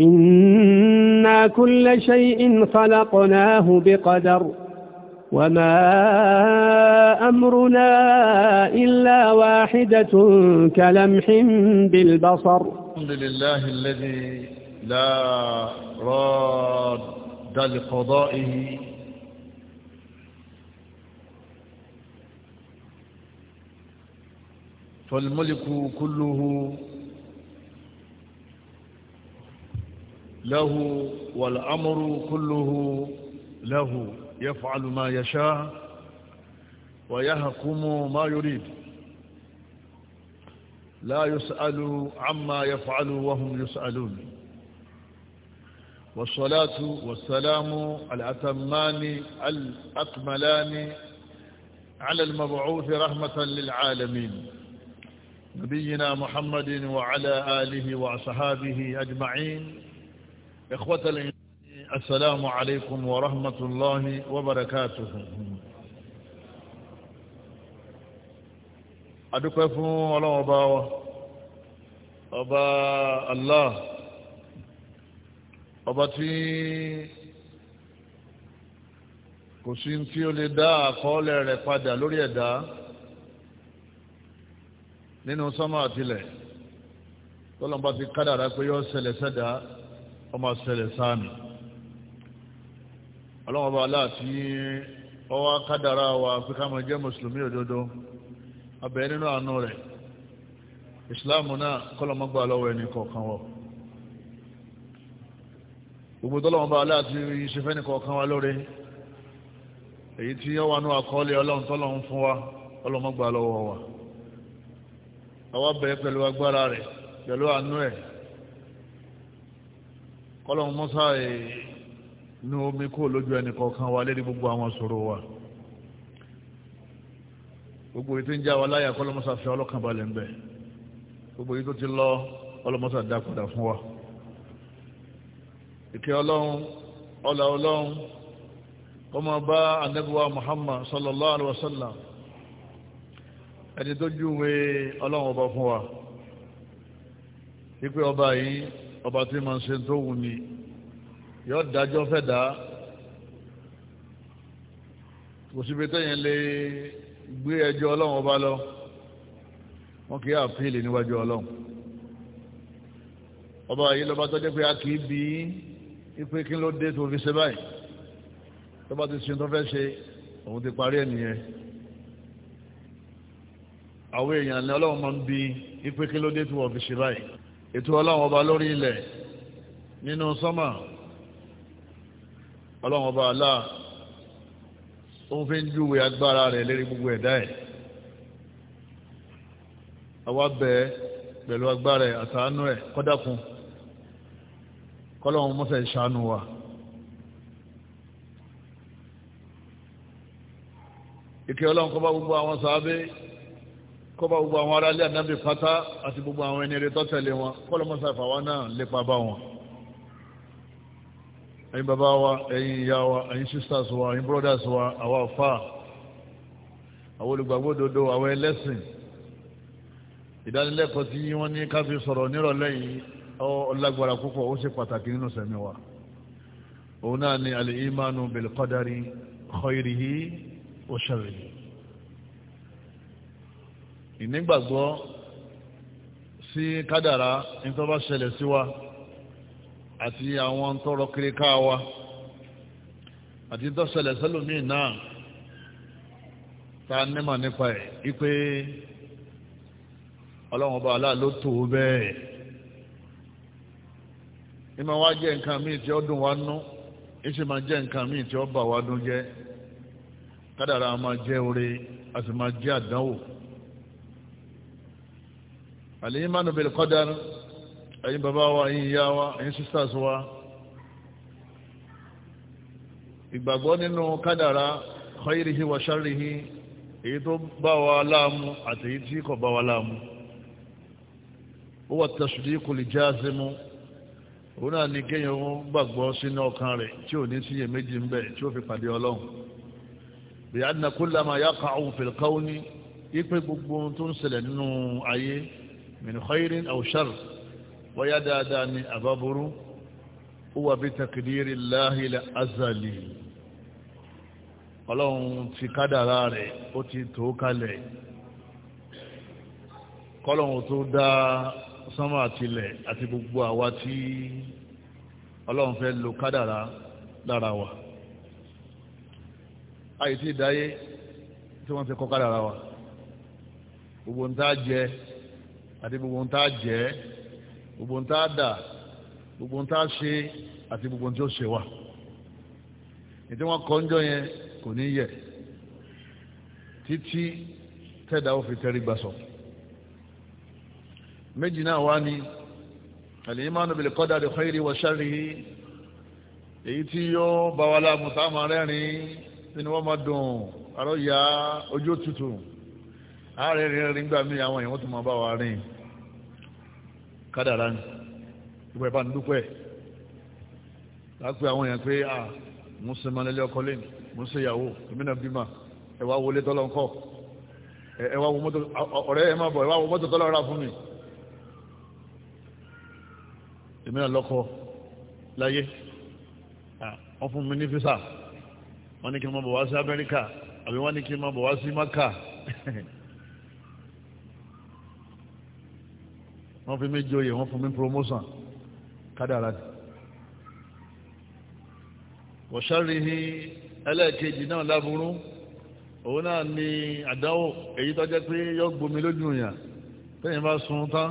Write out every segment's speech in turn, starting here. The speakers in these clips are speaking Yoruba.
إنا كل شيء خلقناه بقدر وما أمرنا إلا واحدة كلمح بالبصر الحمد لله الذي لا راد لقضائه فالملك كله له والأمر كله له يفعل ما يشاء ويهكم ما يريد لا يسأل عما يفعل وهم يسألون والصلاة والسلام الأتمان الأكملان على المبعوث رحمة للعالمين نبينا محمد وعلى آله وأصحابه أجمعين إخوة الإيمان السلام عليكم ورحمة الله وبركاته adúpẹ́ fún ọlọ́run ọba wa ọba Allah ọba tí kò sí tí ó lè dá àkọọ́lẹ̀ rẹ̀ padà lórí ẹ̀dá nínú sánmà àtilẹ̀ tọ́lọ́mbà ti kádàrá pé yọ́ ṣẹlẹ̀ sẹ́dàá ọmọ ṣẹlẹ̀ sáàmì ọlọ́wọ́ba aláàtí ọwá kádàrá wa pé ká máa jẹ́ mùsùlùmí òdodo abẹ́ nínú àánú rẹ̀ ìsìláàmù náà kọ́lọ̀mọ́gbà lọ́wọ́ ẹni kọ̀ọ̀kan wọ̀ gbogbo tọ́lọ́wọ́ba aláàtí ṣe fẹ́ ní kọ̀ọ̀kan wa lórí èyí tí ó wà ní àkọọ́lẹ̀ ọlọ́run tọ́lọ́run fún wa ọlọ́mọ́gbà lọ́wọ́ wa àwa bẹ̀ẹ́ pẹ̀lú agbára rẹ̀ pẹ̀lú àánú ẹ̀ kọ́lọ́hún mọ́sá eh, nu omi kó lójú ẹnì kọ̀ọ̀kan wa lérí gbogbo àwọn ṣòro wa gbogbo yìí tó ń já wa láyà kọ́lọ́mọ́sá fẹ́ ọlọ́kàn balẹ̀ ń bẹ̀ gbogbo yìí tó ti lọ kọ́lọ́mọ́sá dá padà fún wa ìkẹ́ ọlọ́run ọlà ọlọ́run kọ́mọ bá anẹ́bùwá Muhammad sallallahu alaihi wasallam ẹni tó júwe ọlọ́run ọba fún wa wípé ọba yìí ọba tí ma ń ṣe tó wù ní yọ dájọ́ fẹ́ dá kò síbi tẹ́yìn lè gbé ẹjọ́ ọlọ́run ọba lọ wọn kì í àfíìlì níwájú ọlọ́run ọba yìí lọ́ba tó pé a kì í bí ipe kí ló dé tó fi ṣe báyìí tọ́ba ti ṣe tó fẹ́ ṣe òun ti parí ẹ̀ nìyẹn àwọn èèyàn ni ọlọ́run máa ń bí ipe kí ló dé tó wọ́n fi ṣe báyìí ètò ọlọ́run ọba lórí ilẹ̀ nínú sọ́mà ọlọ́run ọba àlá ó ń fi ń júwe agbára rẹ̀ lérí gbogbo ẹ̀dá ẹ̀ àwa bẹ̀ pẹ̀lú agbára ẹ̀ àtàánú ẹ̀ kọ́dàkùn kọ́lọ́run mọ́sẹ̀ ṣàánú wa. ìkẹ́ ọlọ́run kọ́ bá gbogbo àwọn sàábé kọba gbogbo àwọn ará ilé ànábì fata àti gbogbo àwọn ẹni rẹ̀ tọ́tẹ̀lé wọn kọlọmọsá ìfàwa náà lépa bá wọn ẹ̀yin bàbá wa ẹ̀yin ìyá wa ẹ̀yin sisters wa ẹ̀yin brothers wa àwa àfà àwọn olùgbàgbọ́ òdodo àwọn ẹlẹ́sìn ìdánilẹ́kọ̀ọ́ tí wọ́n ní káfí sọ̀rọ̀ nírọ̀lẹ́ yìí ọlágbára púpọ̀ ó ṣe pàtàkì nínú sẹ̀mí wa òun náà ni al-imanu bil qadari khairihi wa sharrihi ìnígbàgbọ́ sí kádàrá nítorí bá ṣẹlẹ̀ sí wa àti àwọn tọrọ kiri wa àti tó ṣẹlẹ̀ sẹ́lòmíì náà ta nímọ̀ nípa ẹ̀ ipé ọlọ́run ọba aláà ló tó bẹ́ẹ̀ ní wá jẹ́ nǹkan míì tí ó dùn wá nú ní máa jẹ́ nǹkan míì tí ó bà wá jẹ́ kádàrá máa alìyímánu bẹ̀rẹ̀ kọ́dánù ẹ̀yin bàbá wa ẹ̀yin ìyá wa ẹ̀yin sisters wa ìgbàgbọ́ nínú kádàrá khairihi wa sharrihi èyí tó bá wa láàmú àti èyí tí kò bá wa láàmú ó wà tasdiqul jazimu òun náà ní kéèyàn ó gbàgbọ́ sínú ọkàn rẹ̀ tí ò ní síyèméjì ń bẹ tí ó fi pàdé ọlọ́run bí anna kullama yaqa'u fil kawni ipe gbogbo tó ń ṣẹlẹ̀ nínú ayé من خير أو شر، bóyá dáadáa ni هو بتقدير الله لأزلي. llahi la azali ọlọ́run ti kádàrá rẹ̀ ó ti tó kalẹ̀ kọ́lọ́run tó dá sánmà àtilẹ̀ àti gbogbo àwa tí ọlọ́run fẹ́ lo kádàrá lára wa àyè tí ìdáyé tí wọ́n ti kọ́ kádàrá wa gbogbo ń tá jẹ́ àti gbogbo ohun tá a jẹ gbogbo ohun tá a dà gbogbo ohun tá a ṣe àti gbogbo ohun tí ó ṣe wà ètò wọn kọ́ ńjọ yẹn kò ní yẹ títí tẹ́dà ó fi tẹ́rí gbà sọ méjì náà wá ní al-imanu bil qadari khayri wa sharrihi èyí tí yóò bá wa láàmú táwọn arẹ́rìn-ín tí ni wọ́n máa dùn àrọ́yà ojú òtútù ààrẹ rìnrìn gbà mí àwọn èèyàn tó máa bá wa rìn kádàrá ni ìwọ ẹ̀ bá ń dúpẹ́ lápẹ́ àwọn èèyàn pé à mo ń ṣe mọ́lẹ́lẹ́ ọkọ lẹ́nu mo ń ṣe ìyàwó èmi náà bímọ ẹ wá wọlé tọ́lọ́ ńkọ́ ẹ wá wo mọ́tò ọ̀rẹ́ ẹ má bọ̀ ẹ wá wo mọ́tò tọ́lọ́ rà fún mi èmi náà lọ́kọ láyé wọ́n fún mi ní físà wọ́n ní kí n má bọ̀ wá sí Amẹ́ríkà àbí wọ́n ní kí n má bọ̀ wá sí Mákà wọ́n fi mí joyè wọ́n fún mi promotion kádàrá ni wọ̀ṣárihi ẹlẹ́ẹ̀kejì náà láburú òun náà ni àdáwò èyí tọ́jẹ́ pé yọ gbomi lójú èèyàn tẹ́yìn bá sun tán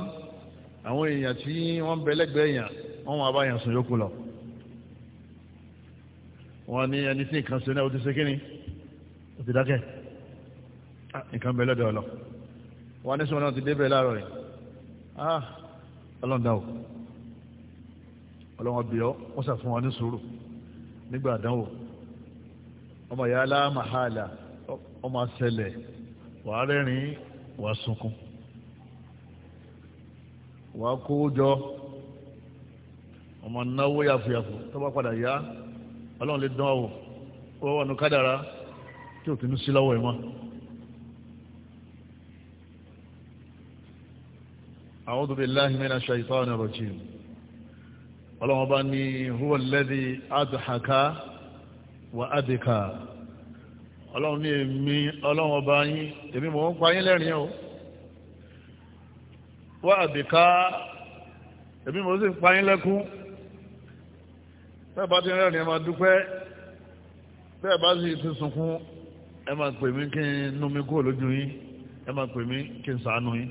àwọn èèyàn tí wọ́n bẹ lẹ́gbẹ̀ẹ́ èèyàn wọ́n wọn abáyàn sùn yókù lọ wọ́n ní ẹni tí nǹkan ṣe náà ó ti ṣe kíni ó ti dákẹ́ ah, nǹkan bẹ lọ́dọ̀ ọ̀lọ́ wọ́n ní sọ́nà ti débẹ̀ láàárọ̀ yìí Ah, ọlọ́dà o ọlọ́wọ́n bíọ́ wọ́n sà fún ní sùúrù nígbà àdánwò ọmọ ìyá aláàmàhálà ọmọ àṣẹlẹ̀ wàá rẹ́rìn wàá sunkún wàá kó jọ ọmọ náwó yàfùyàfù tó bá padà yá ọlọ́run lè dán wọ́n kádàrá tí أعوذ بالله من الشيطان الرجيم ọlọ́wọ́ bá ní huwa lẹ́dí adhaka wa adìka ọlọ́wọ́ ní èmi ọlọ́wọ́ bá yín èmi mò ń pa yín lẹ́rìn o wa adìka èmi mò ń sì pa yín lẹ́kún bẹ́ẹ̀ bá ti rẹ́rìn ẹ máa dúpẹ́ bẹ́ẹ̀ bá sì ti sunkún ẹ máa pè mí kí n nú mi kúrò lójú yín ẹ máa pè mí kí n ṣàánú yín.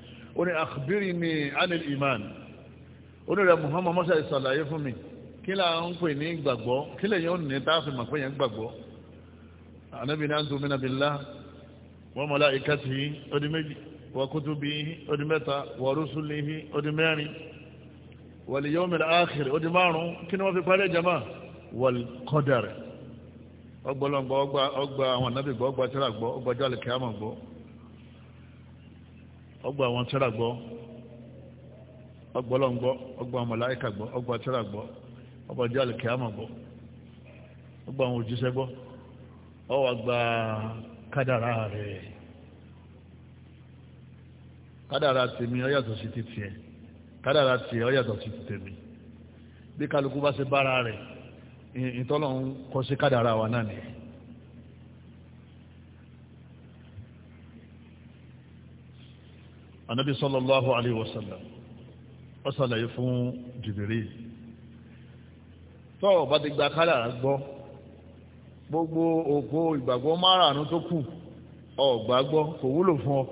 ó ní àkùbírí mi anil iman ó ní rẹ̀ muhammad mọ́sá ìsàlàyé fún mi kí là ń pè ní gbàgbọ́ kí lè yẹn ó ní tá a fi mọ̀ pé yẹn gbàgbọ́ anabi náà tó mìíràn bìlá wa malaikatihi ó di méjì wa kutubihi ó di mẹ́ta wa rusulihi ó di mẹ́rin wal yawmil akhir ó di márùn kí ni wọ́n fi parí jama wal qadar ọgbọ́lọ́gbọ́ ọgbà àwọn anabi gbọ́ ọgbà tíra gbọ́ ọgbà jálẹ̀ kíámà gbọ́ ọgbà àwọn tíra gbọ́ ọgbà ọlọ́run gbọ́ àwọn màláíkà gbọ́ ọgbà tíra gbọ́ ọgbà ọjọ́ àlùkìyámà gbọ ọgbà àwọn tèmi ọyàtọ̀ sí ti sí ti tèmi bí kálukú bá ṣe bára anabi sallallahu alayhi wa sallam wọ́n sàlàyé fún Jibril tọ́ ọba ti gba kádàrá gbọ́ gbogbo ògbó ìgbàgbọ́ márààrún tó kù ọ̀gbà gbọ́ kò wúlò fún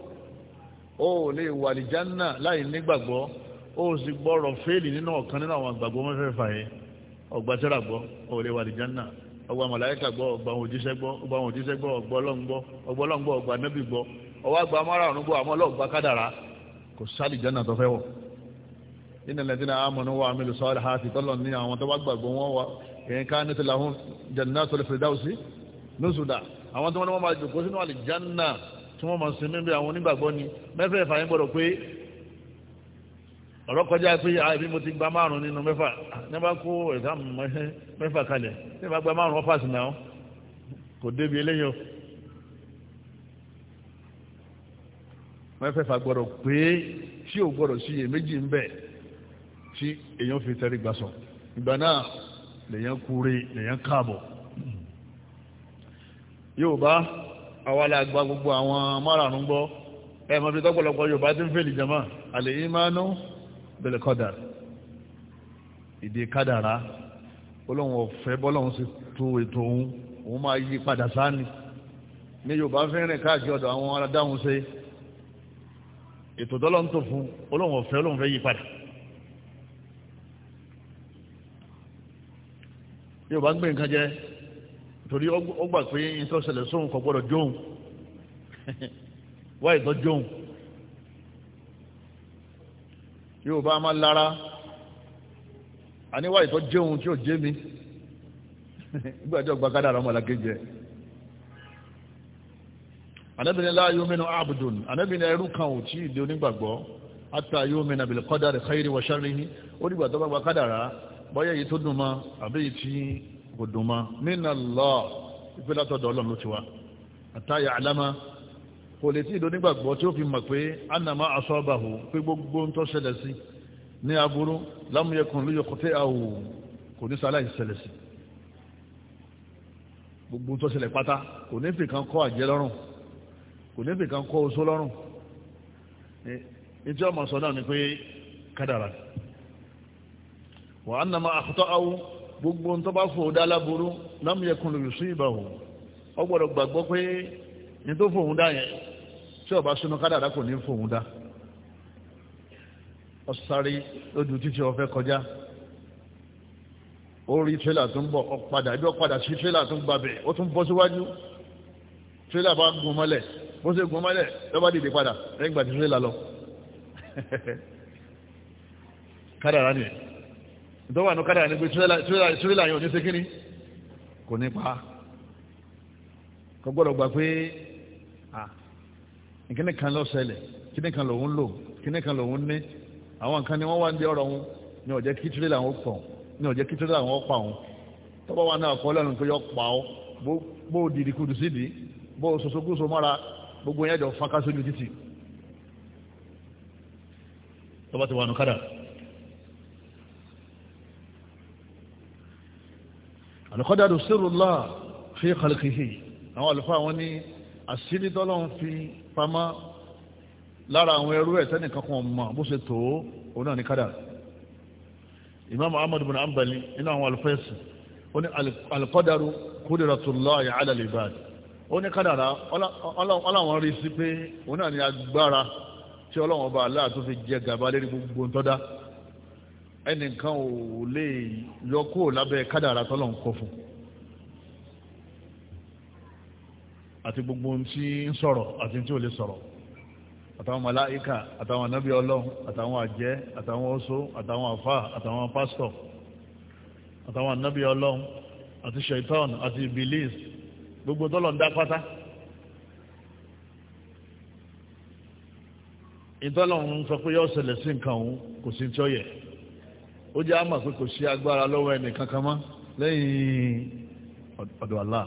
ọ ó lè wà ní jánà láì nígbàgbọ́ ó sì gbọ́rọ̀ fẹ́ẹ̀lì nínú ọ̀kan nínú àwọn àgbàgbọ́ mẹ́fẹ̀ẹ̀fà yẹn ọ̀gbà tẹ́rà gbọ́ ó lè wà ní jánà ọgbà màláíkà gbọ́ ọgbà àwọn òjíṣẹ́ gbọ́ ọgbà àwọn òjíṣẹ́ gbọ́ ọgbà ọlọ́ngbọ́ ọgbà ọlọ́ngbọ́ ọgbà nẹ́bì gbọ́ ọwọ́ àgbà márààrún gbọ́ àmọ́ ọlọ́ọ̀gbà kádàrá kò sáàlì jẹ́nà tó fẹ́ wọ̀ iná lẹ́dínà àmọ̀nà wà mílù sọ́ọ̀lẹ̀ ha ti tọ́lọ̀ ní àwọn tó wá gbàgbọ́ wọn wà èyàn ká ní tìlà hún jẹ̀nà tó lè fi dáwù sí lóṣùdà àwọn tó wọn máa jòkó sínú àlè jẹ́nà tí wọ́n máa sinmi bí àwọn onígbàgbọ́ ni mẹ́fẹ́ ìfà yín gbọ́dọ̀ pé ọ̀rọ̀ kọjá pé àìbí ah, mo ti gba márùn nínú mẹ́fà nígbà kó ẹ̀ka mẹ́fà kalẹ̀ nígbà gba márùn ọ́fà sí mẹ́fẹ̀ẹ́fà gbọ́dọ̀ pé tí ò gbọ́dọ̀ sí iyèméjì ń bẹ tí èèyàn fi tẹ́rí gbà sọ ìgbà náà lèèyàn kúre lèèyàn káàbọ̀ Yorùbá àwa la gba gbogbo àwọn márààrún gbọ́ ẹ mọ̀ bí tọ́pọ̀lọpọ̀ Yorùbá ti ń fèlì jama àlè ìmánú bẹ̀lẹ̀ kọ́dà ìdè kádàrá Ọlọ́hun ọ̀fẹ́ bọ́lọ́hun sì tó ètò òun òun máa yí padà sáà ní ní Yorùbá fẹ́ràn káàkiri ọ̀dọ̀ àwọn adáhùn ṣe ètò tọ́lọ́ ń tò fún olóhùn ọ̀fẹ́ olóhùn fẹ́ yí padà yóò bá ń gbé nǹkan jẹ torí ó gbà pé iṣẹ́ ọ̀sẹ̀lẹ̀ sóhun kò gbọ́dọ̀ jóhun wá ìtọ́ jóhun yóò bá máa lára àníwá ìtọ́ jóhun tí ò jé mi nígbà tí ọgbà kádàrà ọmọlàkejì ẹ̀ anábìnrin la yuminu abdun anábìnrin ẹrú kan ò tí ì di onígbàgbọ́ ata yumina bil qadari khayri wa sharrihi ó nígbà tó bá gba kádàrá bọ́yá èyí tó dùn ma àbí èyí tí kò dùn ma minallah ìpínlẹ̀ àtọ̀dọ̀ ọlọ́run ló ti wá ata ya'lama kò lè tí ì di onígbàgbọ́ tí ó fi mọ̀ pé anama asabahu pé gbogbo ń tó ṣẹlẹ̀ sí ní aburú lam yakun liyuqti'ahu kò ní sáláì ṣẹlẹ̀ sí gbogbo tó ṣẹlẹ̀ pátá kò ní fi kan kọ́ àjẹ́ lọ́rùn kò ní fìkan kọ́ oṣó lọ́rùn ìjọ ọmọ sọ náà ni pé kádàrà wà á nàmà àkútọ́ awú gbogbo ń tọ́bá fò dá láburú lámúyẹkùn lè sí ìbàwò ọ gbọ́dọ̀ gbàgbọ́ pé ní tó fòun dá yẹn tí ọba sínú kádàrà kò ní fòun dá ọ̀sáré lójú títí ọ̀fẹ́ kọjá ó rí tírélà tó ń bọ̀ ọ̀padà ibi ọ̀padà sí tírélà tó ń gbabẹ̀ ó tún bọ́ síwájú tírélà bá gùn mọ́lẹ̀ bó ṣe gun mọ́lẹ̀ lọ́ba dìde padà lẹ́yìn ìgbà tí ó lè là lọ kádàrá ni ìtọ́wà ní kádàrá ni pé tírélà yẹn ò ní ṣe kíní kò ní pa kò gbọ́dọ̀ gbà pé kíní kan lọ ṣẹlẹ̀ kíní kan lòun lò kíní kan lòun ní àwọn nǹkan ni wọ́n wá ń di ọ̀rọ̀ wọn ni ó jẹ́ kí tírélà wọn pọ̀ ni ó jẹ́ kí tírélà wọn pa wọn tọ́wọ́ wa náà kọ́ lẹ́nu pé yọ pa ọ́ bó dìdìkudù sídìí bó sosokuso mọ́ra gbogbo yẹn jọ fọ́nká sójú títì tó bá ti wà nù kádà àlùkọ́dàdù sírùlá fi kàlùkìhì àwọn àlùfáà àwọn ní àṣírí tọ́lọ́run fi pamá lára àwọn ẹrú ẹ̀ sẹ́nìkan kan mọ̀ bó ṣe tó òun náà ní kádà imam ahmad bin ambali inú àwọn àlùfẹ́sì ó ní àlùkọ́dàdù kúdìrọ̀tùlá ya'ala al-ibad ó ní kádàrá ọlọ́wọ́n rí sí pé òun náà ní agbára tí ọlọ́wọ́n bá aláà tó fi jẹ gàba lérí gbogbo ntọ́dá ẹnìkan ò lè yọ kúrò lábẹ́ kádàrá tọ́lọ̀ ń kọ fún àti gbogbo tí ń sọ̀rọ̀ àti tí ò lè sọ̀rọ̀ àtàwọn màláíkà àtàwọn anábì ọlọ́run àtàwọn àjẹ́ àtàwọn oṣó àtàwọn àfà àtàwọn pásítọ̀ àtàwọn anábì ọlọ́run àti ṣaitan àti ibilis gbogbo tọ́lọ̀ ń dá pátá ìtọ́lọ̀ ń sọ pé yọ sí nǹkan òun kò sí tí ó yẹ ó jẹ́ àmọ̀ kò sí agbára kankan ma lẹ́yìn ọ̀dọ̀ Allah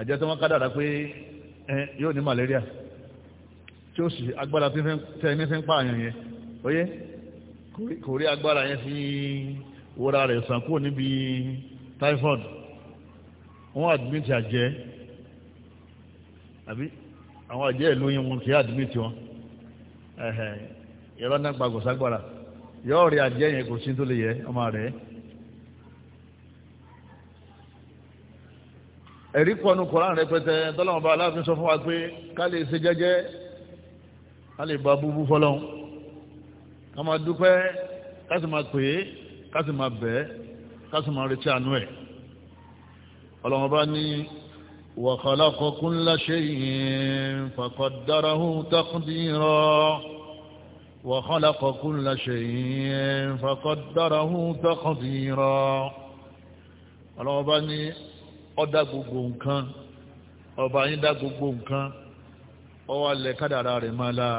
àjẹ́ tí wọ́n kádàrá pé yóò ní malaria tí o sì agbára tí fi ń yẹn kò rí agbára yẹn fi sàn kúrò níbi typhoid wọ́n admit àjẹ́ àbí àwọn àjẹ́ ìlú yín wọn kì í admit wọn ìrọ́ náà gbàgbọ́ ságbára yọ̀ọ́ rí àjẹ́ yẹn kò sí tó lè yẹ ọmọ rẹ̀ ẹ̀rí pọnú koran rẹpẹtẹ tọ́lọ́mọ bá aláàfin sọ fún wa pé ká lè ṣe jẹ́jẹ́ ká lè ba búbú fọlọ́hún ká máa dúpẹ́ ká sì máa pè é ká sì máa bẹ̀ ká sì máa retí àánú ẹ̀ ọlọ́run bá ní wa khalaqa kulla shay'in faqaddarahu taqdira wa khalaqa kulla shay'in faqaddarahu taqdira ọlọ́run bá ní ó dá gbogbo nǹkan ọba yín dá gbogbo nǹkan ó wá lẹ̀ kádàrá rẹ̀ máa la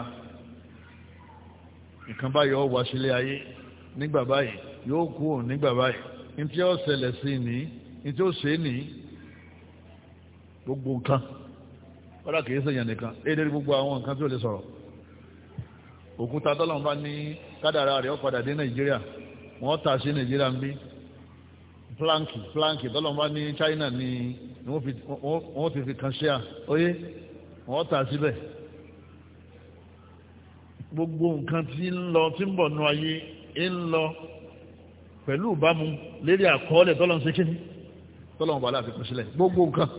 nǹkan báyìí ó ayé nígbà báyìí yóò kú nígbà báyìí ní tí ó ṣẹlẹ̀ sí ní ní tí ó ṣe é nìyí gbogbo nǹkan kọ́dà kìí sèyàn nìkan èdè gbogbo àwọn nǹkan tí ó lè sọ̀rọ̀ òkúta tọ́lọ́n bá ní kádàrá rẹ̀ ó padà dé nàìjíríà wọ́n tà sí nàìjíríà ń bí flanki flanki tọ́lọ́n bá ní china ní wọ́n ti fi kan ṣíà oyé wọ́n tà síbẹ̀ gbogbo nǹkan tí ń lọ tí ń bọ̀ nu ayé ń lọ pẹ̀lú ìbámu lérí àkọọ́lẹ̀ tọ́lọ́n tọ́lọ́wọ́n bàálà fi kún sílẹ̀ gbogbo nǹkan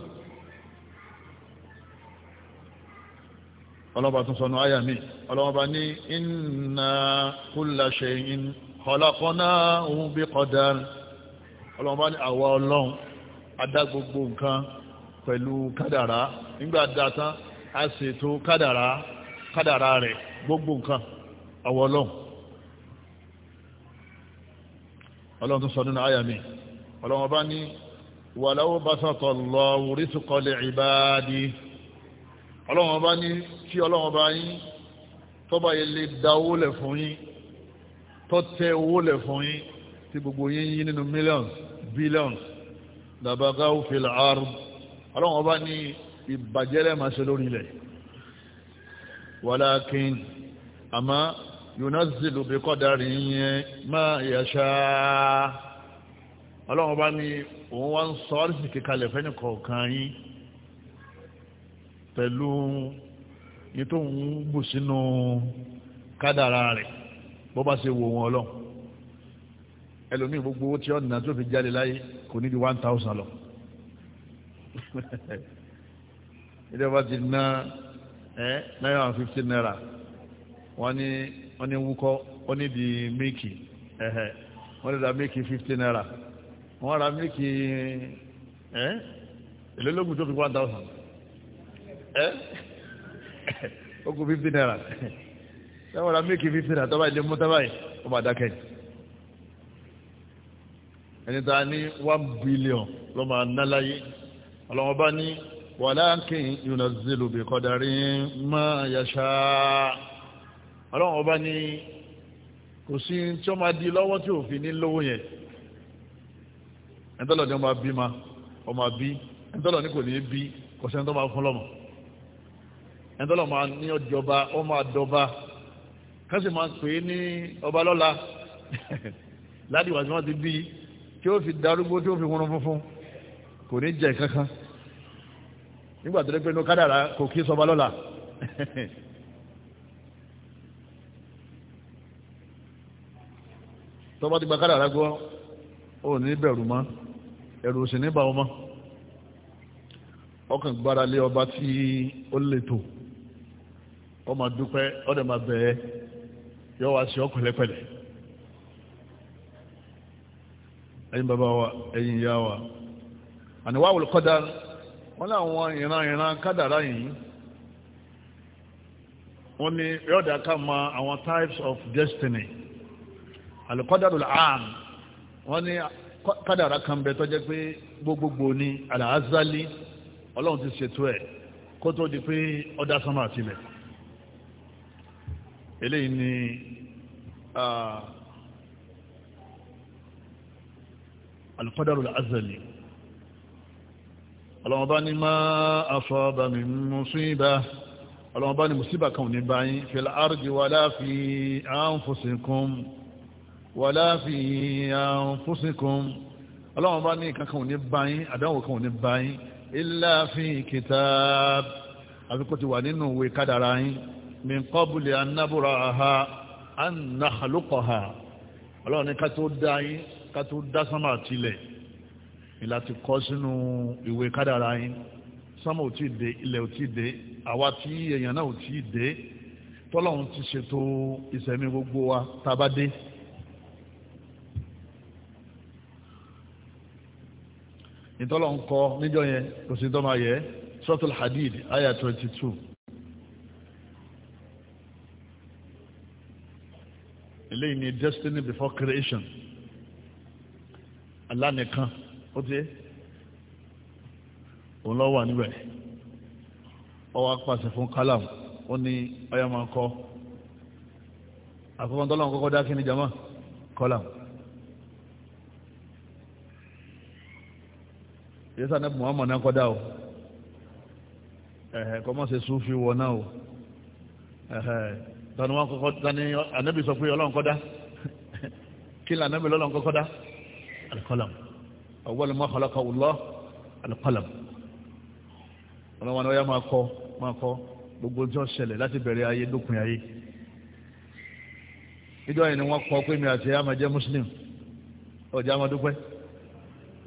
ọlọ́ba tún sọnù àyà mi ọlọ́ba ní inna kulla shay'in khalaqnahu bi qadar ọlọ́ba ní àwa ọlọ́run adá gbogbo nǹkan pẹ̀lú kádàrá nígbà dátán a ṣètò kádàrá kádàrá rẹ̀ gbogbo nǹkan àwa ọlọ́run ọlọ́run tún sọnù àyà mi ọlọ́ba ní wàláwó basatọ̀ lọ orísùkọlẹ̀ ìbáàdì ọlọ́wọ́n bá ní kí ọlọ́wọ́n bá yín tọ́ba yẹn lè da owó lẹ̀ fún yín tọ́tẹ owó lẹ̀ fún yín tí gbogbo yín yín nínú millions billions làbàgà òfin làárù ọlọ́wọ́n ní ìbàjẹ́ máa ṣe lórí ilẹ̀ wàlákin àmọ́ yóò náà zèlò bí kọ́dà rí yẹn máa yẹ ṣáá ọlọ́run bá ní òun wá ń sọ ọ́rísìkì kalẹ̀ fẹ́ni kọ̀ọ̀kan yín pẹ̀lú ní tó ń bù sínú kádàrà rẹ̀ bó bá ṣe wò wọn ọlọ́run ẹlòmíì gbogbo owó tí ọ̀nà tó fi jáde láyé kò ní di one thousand lọ ilé wa ti ná ẹ nine hundred fifty naira wọ́n ní wọ́n ní wúkọ́ wọ́n ní di míìkì ẹ̀hẹ̀ wọ́n ní da míìkì fifty naira wọ́n ra mílíkì ẹ́ èlélógún tó fi one thousand ẹ́ ó kú fifty naira táwọn ra mílíkì fifty naira tọ́ba ìdí mú tọ́ba yìí ó bá dákẹ́ ẹni tá a ní one billion ló máa ná láyé ọlọ́wọ́n bá ní wàláàkín yunazzilu bi qadari ma yasha ọlọ́wọ́n bá ní kò sí tí ó máa di lọ́wọ́ tí òfin ní lówó yẹn ẹ̀ńtọ́lọ̀ ni ọmọ bí ma ọmọ bí ẹ̀ńtọ́lọ̀ ni kò ní bí kò sẹ́ni tó máa fún lọ́mọ ẹ̀ńtọ́lọ̀ máa ní ọjọba ọmọ àdọba kásì máa pè é ní ọba lọ́la ládìwà tí wọ́n ti bí tí ó fi darúgbó tí ó fi wúrun funfun kò ní jẹ kankan nígbà tó lé pé inú kádàrá kò kí sọba lọ́la tọ́ba ti gba kádàrá gbọ́ ò ní bẹ̀rù mọ́. ẹ̀rù òsì níbà ọmọ ọkàn gbára lé ọba tí ó lè tò ọ máa dúpẹ́ ọ dẹ̀ máa bẹ̀ẹ́ yọ wá sí ọ pẹ̀lẹ́pẹ̀lẹ́ ẹyin bàbá wa ẹ̀yin ìyá wa àníwá wòlò kọ́dà wọn láwọn ìran ìran kádàrá yìí wọ́n ní yọ̀dà ká mọ àwọn types of destiny àlùkọ́dà lọ́la àn wọ́n ní kádàrá kan bẹ tọ́jẹ́ pé gbogbogbò ni àlàázálí ọlọ́run ti ṣètò ẹ̀ kó tó di pé ọdá sánmà àtìlẹ̀ eléyìí ni alùpàdàrò àzàlì ọlọ́run bá ní má asaba min musiba ọlọ́run bá ní musiba kan ò ní báyìí fil ardi wala fi anfusikum wàlá fi àǹfúsìkún ọlọ́run bá ní kankan òní báyín àdánwò kan òní báyín ilá fi kitab àfikò ti wà nínú ìwé kádàrá yín min qabli anábùrà ha anàkàlùkọ̀ ha ọlọ́run ní ká tó dá yín ká tó dá sánmà tilẹ̀ ìlà ti kọ́ sínú ìwé kádàrá yín sánmà ò tí ì dé ilẹ̀ ò tí ì dé àwa tí èèyàn náà ò tí ì dé tọ́lọ́run ti ṣètò ìṣẹ̀mí gbogbo wa tá ìtọ́lọ̀ ń kọ́ níjọ́ yẹn kò sí tọ́ máa yẹ suratul hadid ayah twenty two. eléyìí ni destiny before creation Allah nìkan ó ti òun lọ wà níbẹ̀ ọwọ́ apàṣẹ fún kálám ó ní ọyá máa kọ́ àkọ́kọ́ tọ́lọ́ ń kọ́kọ́ dá kí jama kọ́lám. yẹ́sà ní Muhammad náà kọ́ dá o ẹ̀hẹ̀ kọ́ mọ́ ṣe súnfì wọ náà o ẹ̀hẹ̀ tani wọn kọ́kọ́ tani anabi sọ pé ọlọ́run kọ́ dá kí ni anabi lọ́lọ́run kọ́kọ́ dá alikọ́làm awwal ma khalaqa Allah alikọ́làm ọlọ́wọ́n ni wọ́n yá máa kọ́ máa kọ́ gbogbo ọjọ́ ṣẹlẹ̀ láti bẹ̀rẹ̀ ayé dókun ayé ìjọ yìí ni wọ́n kọ́ pé mi àti ẹ̀ á máa jẹ́ muslim ọ̀jẹ̀ á máa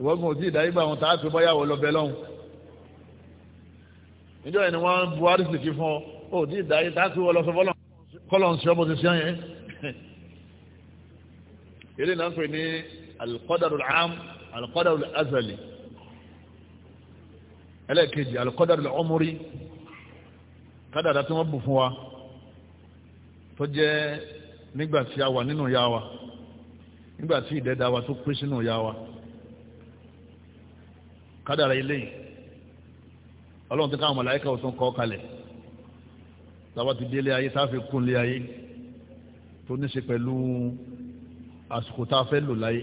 ìwọ́gun ò tí ì dárígbà wọn tàà fi bọ́yàwó lọ bẹ lọ́hùn níjọ́ yẹn ni wọ́n bu arísìkí fún ọ ò tí ì dárí tàà fi wọ́n lọ sọ fọ́lọ́ kọ́lọ́n sí ọmọ sísẹ́ yẹn eré náà ń pè ní alikọ́dàrú am alikọ́dàrú azali ẹlẹ́ẹ̀kejì alikọ́dàrú ọmọrí kádàrá tí wọ́n bù fún wa tó jẹ́ nígbà tí a wà nínú ya wa nígbà tí ìdẹ́dá wa tó pé sínú ya wa kádàrá eléyìí ọlọ́run ti káwọn màláíkà ọ̀sán kọ́ kalẹ̀ táwa ti délé ayé sáfì kúnlé ayé tó ní ṣe pẹ̀lú àsìkò tá a fẹ́ lò láyé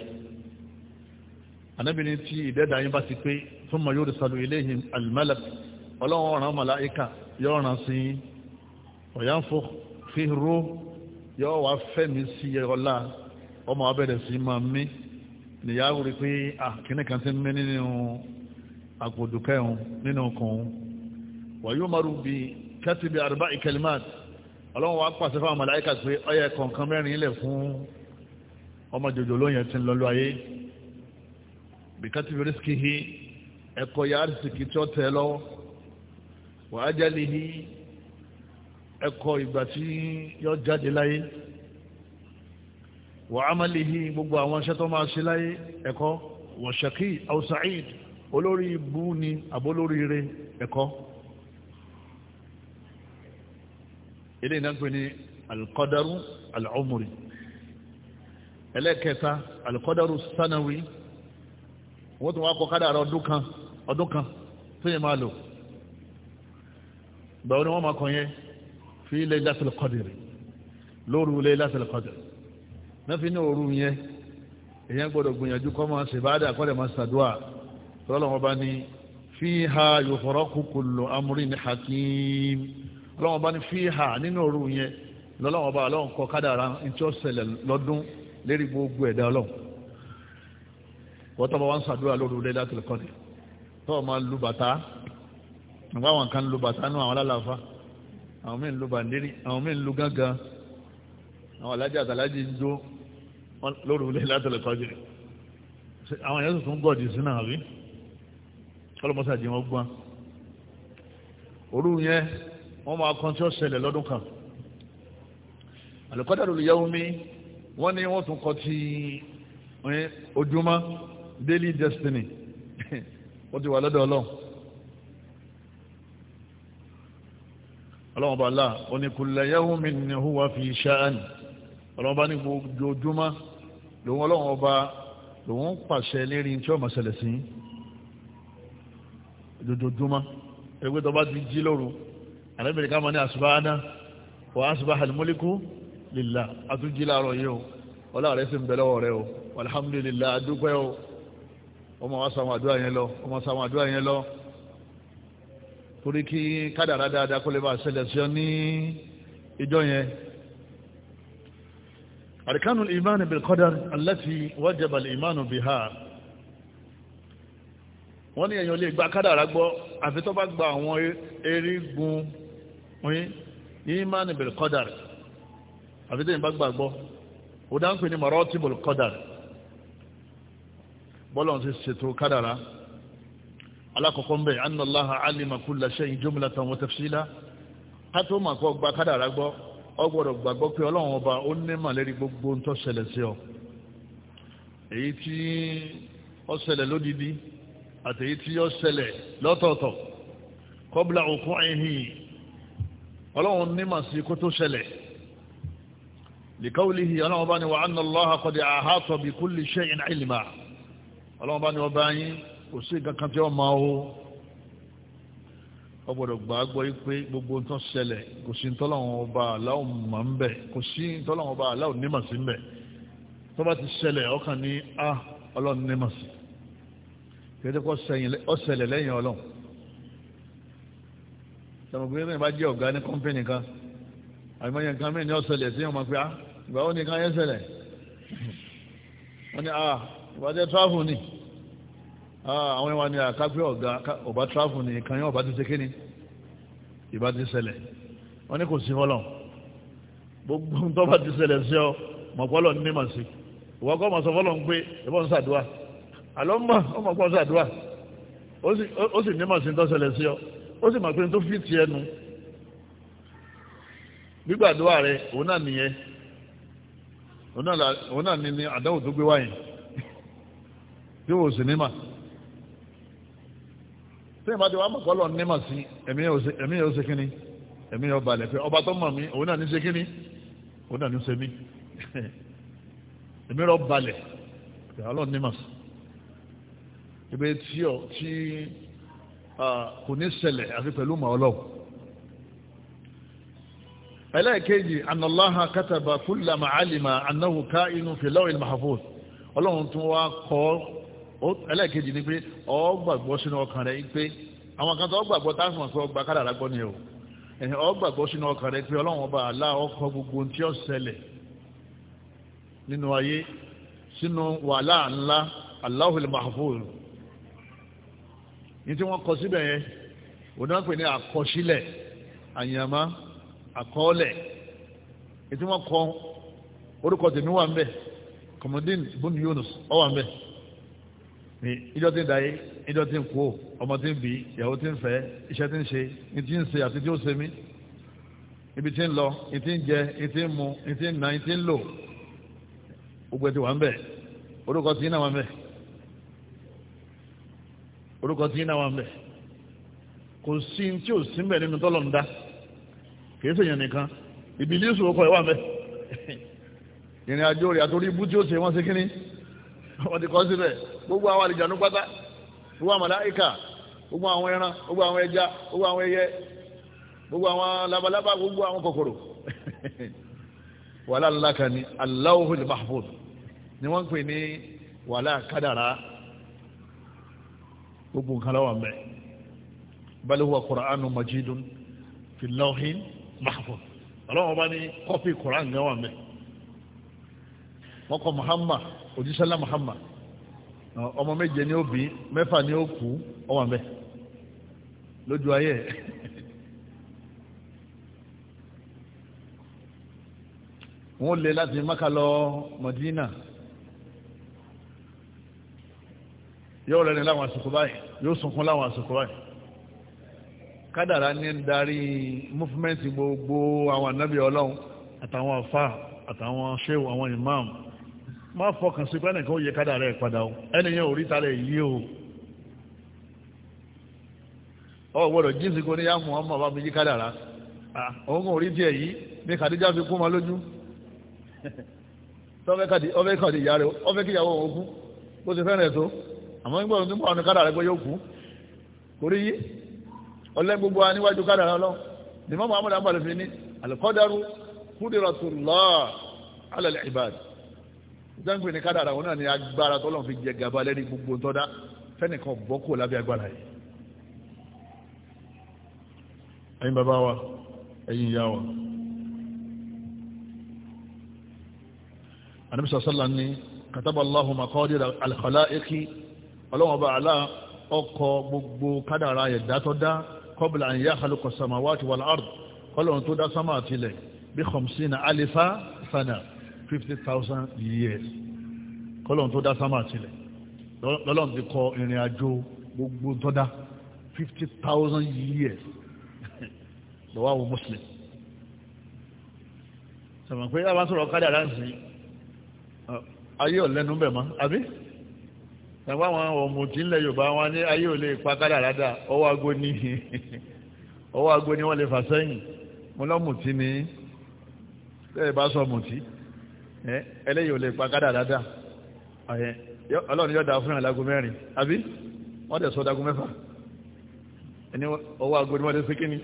anábìnrin tí ìdẹ́dà yín bá ti pé fún ma yóò rí salu iléyìn al-malak ọlọ́run ọ̀ràn màláíkà yóò ràn sí ọ̀yánfò fi ró yóò wá fẹ́mi sí ọlá ọmọ abẹ́rẹ́ sí máa mí nìyá rí pé àkíní ah, kan ti mí nínú àpòdùkẹ́hùn nínú ọkùnrin wàyí umaru bi kẹ́tìbí àrùbá ìkẹlìmáàt ọlọ́run wa pàṣẹ fún àwọn màláíkà pé ọyẹ kọ̀ọ̀kan mẹ́rin ilẹ̀ fún ọmọ jòjò lóyìn tí ń lọ́lọ́ ayé bí kẹ́tìbí rísíkì hí ẹ̀kọ́ ya rísíkì tí ó tẹ̀ lọ́wọ́ wà á jẹ́lì hí ẹ̀kọ́ ìgbà tí yọ jáde láyé wà á mẹ́lì hí gbogbo àwọn iṣẹ́ máa ṣe láyé ẹ̀kọ́ wà ṣàkí aw olórí ibú ni àbólórí ire ẹ̀kọ́ ilé ìdágbé ni alkọ́dárú al'umri ẹlẹ́kẹta alkọ́dárú sanawi wọ́n tún wá kọ kádàrà ọdún kan ọdún kan tó yẹ máa lò bẹ̀rẹ̀ ni wọ́n máa kàn yẹn fi laylatul qadr lóru laylatul qadr náà fi ní òru yẹn èyàn gbọ́dọ̀ gbìyànjú kọ́ máa ṣèbáàdà kọ́ máa ṣàdúrà tọ́lọ́wọ́n bá ní fíhà yufraqu kullu amrin hakim ọlọ́wọ́n bá ní fíhà nínú òru yẹn lọ́lọ́wọ́n bá ọlọ́wọ́n kọ kádàrá ntí ó ṣẹlẹ̀ lọ́dún lérí gbogbo ẹ̀dá ọlọ́wọ́n wọ́n tọ́ bá wá ń sàdúrà lóru Lailatul Qadr tọ́wọ́ máa lu bàtà nígbà wọn kan lu bàtà nù àwọn alálàáfà àwọn míì lu bàndírí àwọn míì lu gángan àwọn alájà àtàlájì ń dó lóru Lailatul Qadr àwọn yẹn tuntun gọ̀dì sínú àbí kọlọmọsá di wọn gbọ́n òru yẹn wọ́n máa kan tí ó ṣẹlẹ̀ lọ́dún kan àlùkọ́dàrú yaumi wọ́n ní wọ́n tún kọ ti ojúmọ́ daily destiny wọ́n ti wà lọ́dọ̀ ọlọ́run ọlọ́run bàálà oníkùnlẹ̀ yaumin ni huwa fi sha'an ọlọ́run bá ní gbogbo ojúmọ́ lòun ọlọ́run ọba lòun pàṣẹ lérí tí ó máa ṣẹlẹ̀ sí yìí lójoojúmọ́ ewé tó bá ti jí lóru àlẹ́bẹ̀rẹ̀ ká máa ní àṣùbáhánà wà àṣùbáhà múlíkù lílà àtúnjí láàárọ̀ yìí o ọlá rẹ̀ sì ń bẹ lọ́wọ́ rẹ̀ o alhamdulilá adúpẹ́ o ọmọ wa sàwọn àdúrà yẹn lọ ọmọ sàwọn àdúrà yẹn lọ torí kí kádàrá dáadáa kó lè bá ṣẹlẹ̀ sí ọ ní ìjọ yẹn àríkánù ìmánu bil qadar allati wajaba al wọ́n ní èèyàn lè gba kádàrá gbọ́ àfi tó bá gba àwọn e-, erigun oyin yìí máa ní bẹ̀rẹ̀ kọ́dàrá àfi tó yìí bá gbàgbọ́ ó dá ń pè ní maratibul kọ́dàrá bọ́lá ti ṣètò kádàrá alákọ̀ọ́kọ́ ń bẹ̀ anna Allaha alima kulla shay'in jumlatan wa ká tó mà kọ́ gba kádàrá gbọ́ ọ gbọ́dọ̀ gbàgbọ́ pé ọlọ́run ọba ó ní àtẹ̀yí tí yọ ṣẹlẹ̀ lọ́tọ̀ọ̀tọ̀ kọ́bílà òkú ẹ̀hìn ọlọ́run ní màá sí kó tó ṣẹlẹ̀ lìkọ́wìlìhì ọlọ́run bá ní wa anna Allaha qad ahata bi kulli shay'in ilma ọlọ́run bá ní ọba yín kò sí kankan tí ó máa hó ọ gbọ́dọ̀ gbà á gbọ́ pé gbogbo ń tán ṣẹlẹ̀ kò sí ntọ́lọ́run ọba aláwọ̀ mọ̀ ń bẹ̀ kò sí ntọ́lọ́run ọba aláwọ̀ nímọ̀ sí ń bẹ̀ tó bá ti ṣẹlẹ̀ ọkàn ní a ah, ọlọ́run nímọ̀ sí kẹ́tẹ́ kọ́ ọ̀sẹ̀lẹ̀ lẹ́yìn ọlọ́run sọ̀rọ̀gbìn lẹ́yìn bá jẹ́ ọ̀gá ní kọ́mpìnì kan àgbẹ̀yẹn kan mẹ́rin ní ọ̀sẹ̀lẹ̀ sí ọmọ pé á ìgbà ó ní kan yẹn ṣẹlẹ̀ wọ́n ní ah ìgbà tẹ́ tráfù ni ah àwọn ìwà ah, ni àkápẹ́ ọ̀gá ọ̀bá tráfù ni ìkan yẹn ọ̀bá ti ṣe kíni ìbá ti ṣẹlẹ̀ wọ́n ní kò sí fọlọ́ gbogbo tó ti ṣẹlẹ̀ sí ọ mọ̀pọ́lọ́ ní mà sí ìwọ́kọ́ mọ̀ sọ fọlọ́ ń pé ìbọn ń àlọ́mọ̀ ọmọ pọ̀ sàdúrà ó sì nímọ̀ sí tọ́sẹ̀lẹ̀ sí ọ ó sì mọ̀ pé tó fi ti ẹnu gbígbàdúrà rẹ òun náà nìyẹn òun náà ní àdáwò tó gbé wáyé tí wò sí nímà tí ìbá ti wá mọ̀ kọ́lọ̀ nímà sí ẹ̀mí yóò ṣe kíní ẹ̀mí yóò balẹ̀ pé ọba tó mọ̀ mí òun náà ní ṣe kíní òun náà ní ṣe mí ẹ̀mí yóò balẹ̀ ọlọ́ọ̀ nímà sí ibi tí ọ tí kò ní ṣẹlẹ̀ àti pẹ̀lú màá ọlọ́wọ́ ẹlẹ́ẹ̀kejì anallaha kataba kulla ma'alima annahu ka'inun fi lawil mahfuz ọlọ́run tún wá kọ́ ẹlẹ́ẹ̀kejì ni pé ọ gbàgbọ́ sínú ọkàn rẹ̀ pé àwọn kan tó gbàgbọ́ táwọn sọ gba kádàrá gbọ́ ni o ẹ̀yìn ọ gbàgbọ́ sínú ọkàn rẹ̀ pé ọlọ́run ọba àlá ọkọ̀ gbogbo tí ó ṣẹlẹ̀ nínú ayé sínú wàhálà ńlá Allahul ní tí wọ́n kọ síbẹ̀ yẹn oníwàpẹ̀ ní àkọsílẹ̀ àyàmá àkọọ́lẹ̀ ní tí wọ́n kọ orúkọ tèmi wà ń bẹ̀ kọmọdín ibùn Yunus ọ wà ń bẹ̀ ní ìjọ tí ń dayé ìjọ tí ń kú ọmọ tí ń bí ìyàwó tí ń fẹ́ iṣẹ́ tí ń ṣe ní tí ń ṣe àti tí ó ṣe mí ibi tí ń lọ ìtí ń jẹ ìtí ń mu ìtí ń na ìtí ń lò gbogbo ẹ̀ ti wà ń bẹ̀ orúkọ tí ń náà wà ń bẹ̀ orúkọ tí náà wà ń bẹ̀ kò sí tí ò sí ń bẹ̀ nínú tọ́lọ̀ ń dá kìí sèyàn nìkan ìbílísù ọkọ̀ ẹ̀ wà ń bẹ̀ ìrìn àjò rẹ̀ àtòrí ibú tí ó ṣe wọ́n ṣe kíní wọ́n ti kọ́ síbẹ̀ gbogbo àwọn àlìjànú pátá gbogbo àwọn màláíkà gbogbo àwọn ẹran gbogbo àwọn ẹja gbogbo àwọn ẹyẹ gbogbo àwọn labalábá gbogbo àwọn kòkòrò wàhálà ńlá kan ní Allahul Mahfuz ni ń pè ní wàhálà kádàrá gbogbo nǹkan lọ́wọ́ mẹ́ bal huwa Qur'anun majidun fi lawhin mahfuz ọlọ́wọ́ bá ní kọ́pì Qur'an gan wà mẹ́ wọ́n kọ́ Muhammad òjísọ́lá Muhammad ọmọ méje ni ó bí mẹ́fà ni ó kú ó wà mẹ́ lójú ayé wọ́n lé láti Mákà Madina yóò rẹ́ni láwọn àsìkò báyìí yóò sunkún láwọn àsìkò báyìí kádàrá ní darí múfúmẹ́ǹtì gbogbo àwọn ànábì ọlọ́run àtàwọn àfà àtàwọn ṣéwù àwọn imam má fọkàn sí pé ẹnìkan ó yẹ kádàrá ẹ̀ padà o ẹnìyàn ò rí tààrẹ̀ yìí o ọ gbọ́dọ̀ jíǹsì kò ní yá mọ̀ ọmọ bàbá yí kádàrá òun kò rí tiẹ̀ yìí ní kàdíjà fi kú ma lójú tọ́fẹ́ kàdí ìyá rẹ̀ ọfẹ́ kíyàwó òun kú bó ti fẹ́ràn ẹ̀ tó àmọ́ nígbà tó ń bọ̀ ní kádà rẹ̀ pé yóò kú orí yé ọlẹ́ gbogbo wa níwájú kádà rẹ̀ lọ ní mọ́ muhammadu abdullahi fi ní alikọ́dárú kúdìrọ̀tùlọ́ alẹ́lẹ́ ìbàdí ìjọ́ngbìn ní kádà rẹ̀ wọn náà ní agbára tọ́lọ́ fi jẹ gàba lẹ́ni gbogbo tọ́dá fẹ́nìkan bọ́ kó lábẹ́ agbára yìí ẹ̀yin bàbá wa ẹ̀yin ìyá wa anamisa sallan ni kataballahu maqadir alkhalaiqi ọlọ́wọ́n ọba àlá ọkọ̀ gbogbo kádàrá ẹ̀dá tó dá kọ́bùlà àyà àlùkọ̀ samawati wal ard kọ́lọ́run tó dá sámà àtìlẹ̀ bí khamsina alifa sana fifty years kọ́lọ́run tó dá sámà àtìlẹ̀ lọ́lọ́run ti kọ ìrìn àjò gbogbo tó dá fifty years lọ́wọ́ àwọn muslim sọ̀rọ̀ pé a bá sọ̀rọ̀ kádàrá ń sìn ayé ọ̀lẹ́nu bẹ̀ mọ́ àbí tàbí àwọn ọ̀mùtí ńlẹ̀ yorùbá wọn ní ayé ò lè pa kádàrádà ọwọ́ ago ní ọwọ́ ago ní wọ́n lè fà sẹ́yìn mo lọ́mùtí ní tẹ́lẹ̀ bá sọ mùtí ẹlẹ́yìn ò lè pa kádàrádà ọlọ́run yóò dá fún ìrìn lágún mẹ́rin àbí wọ́n dẹ̀ sọ dágún mẹ́fà ẹni ọwọ́ ago ní wọ́n lè sékíní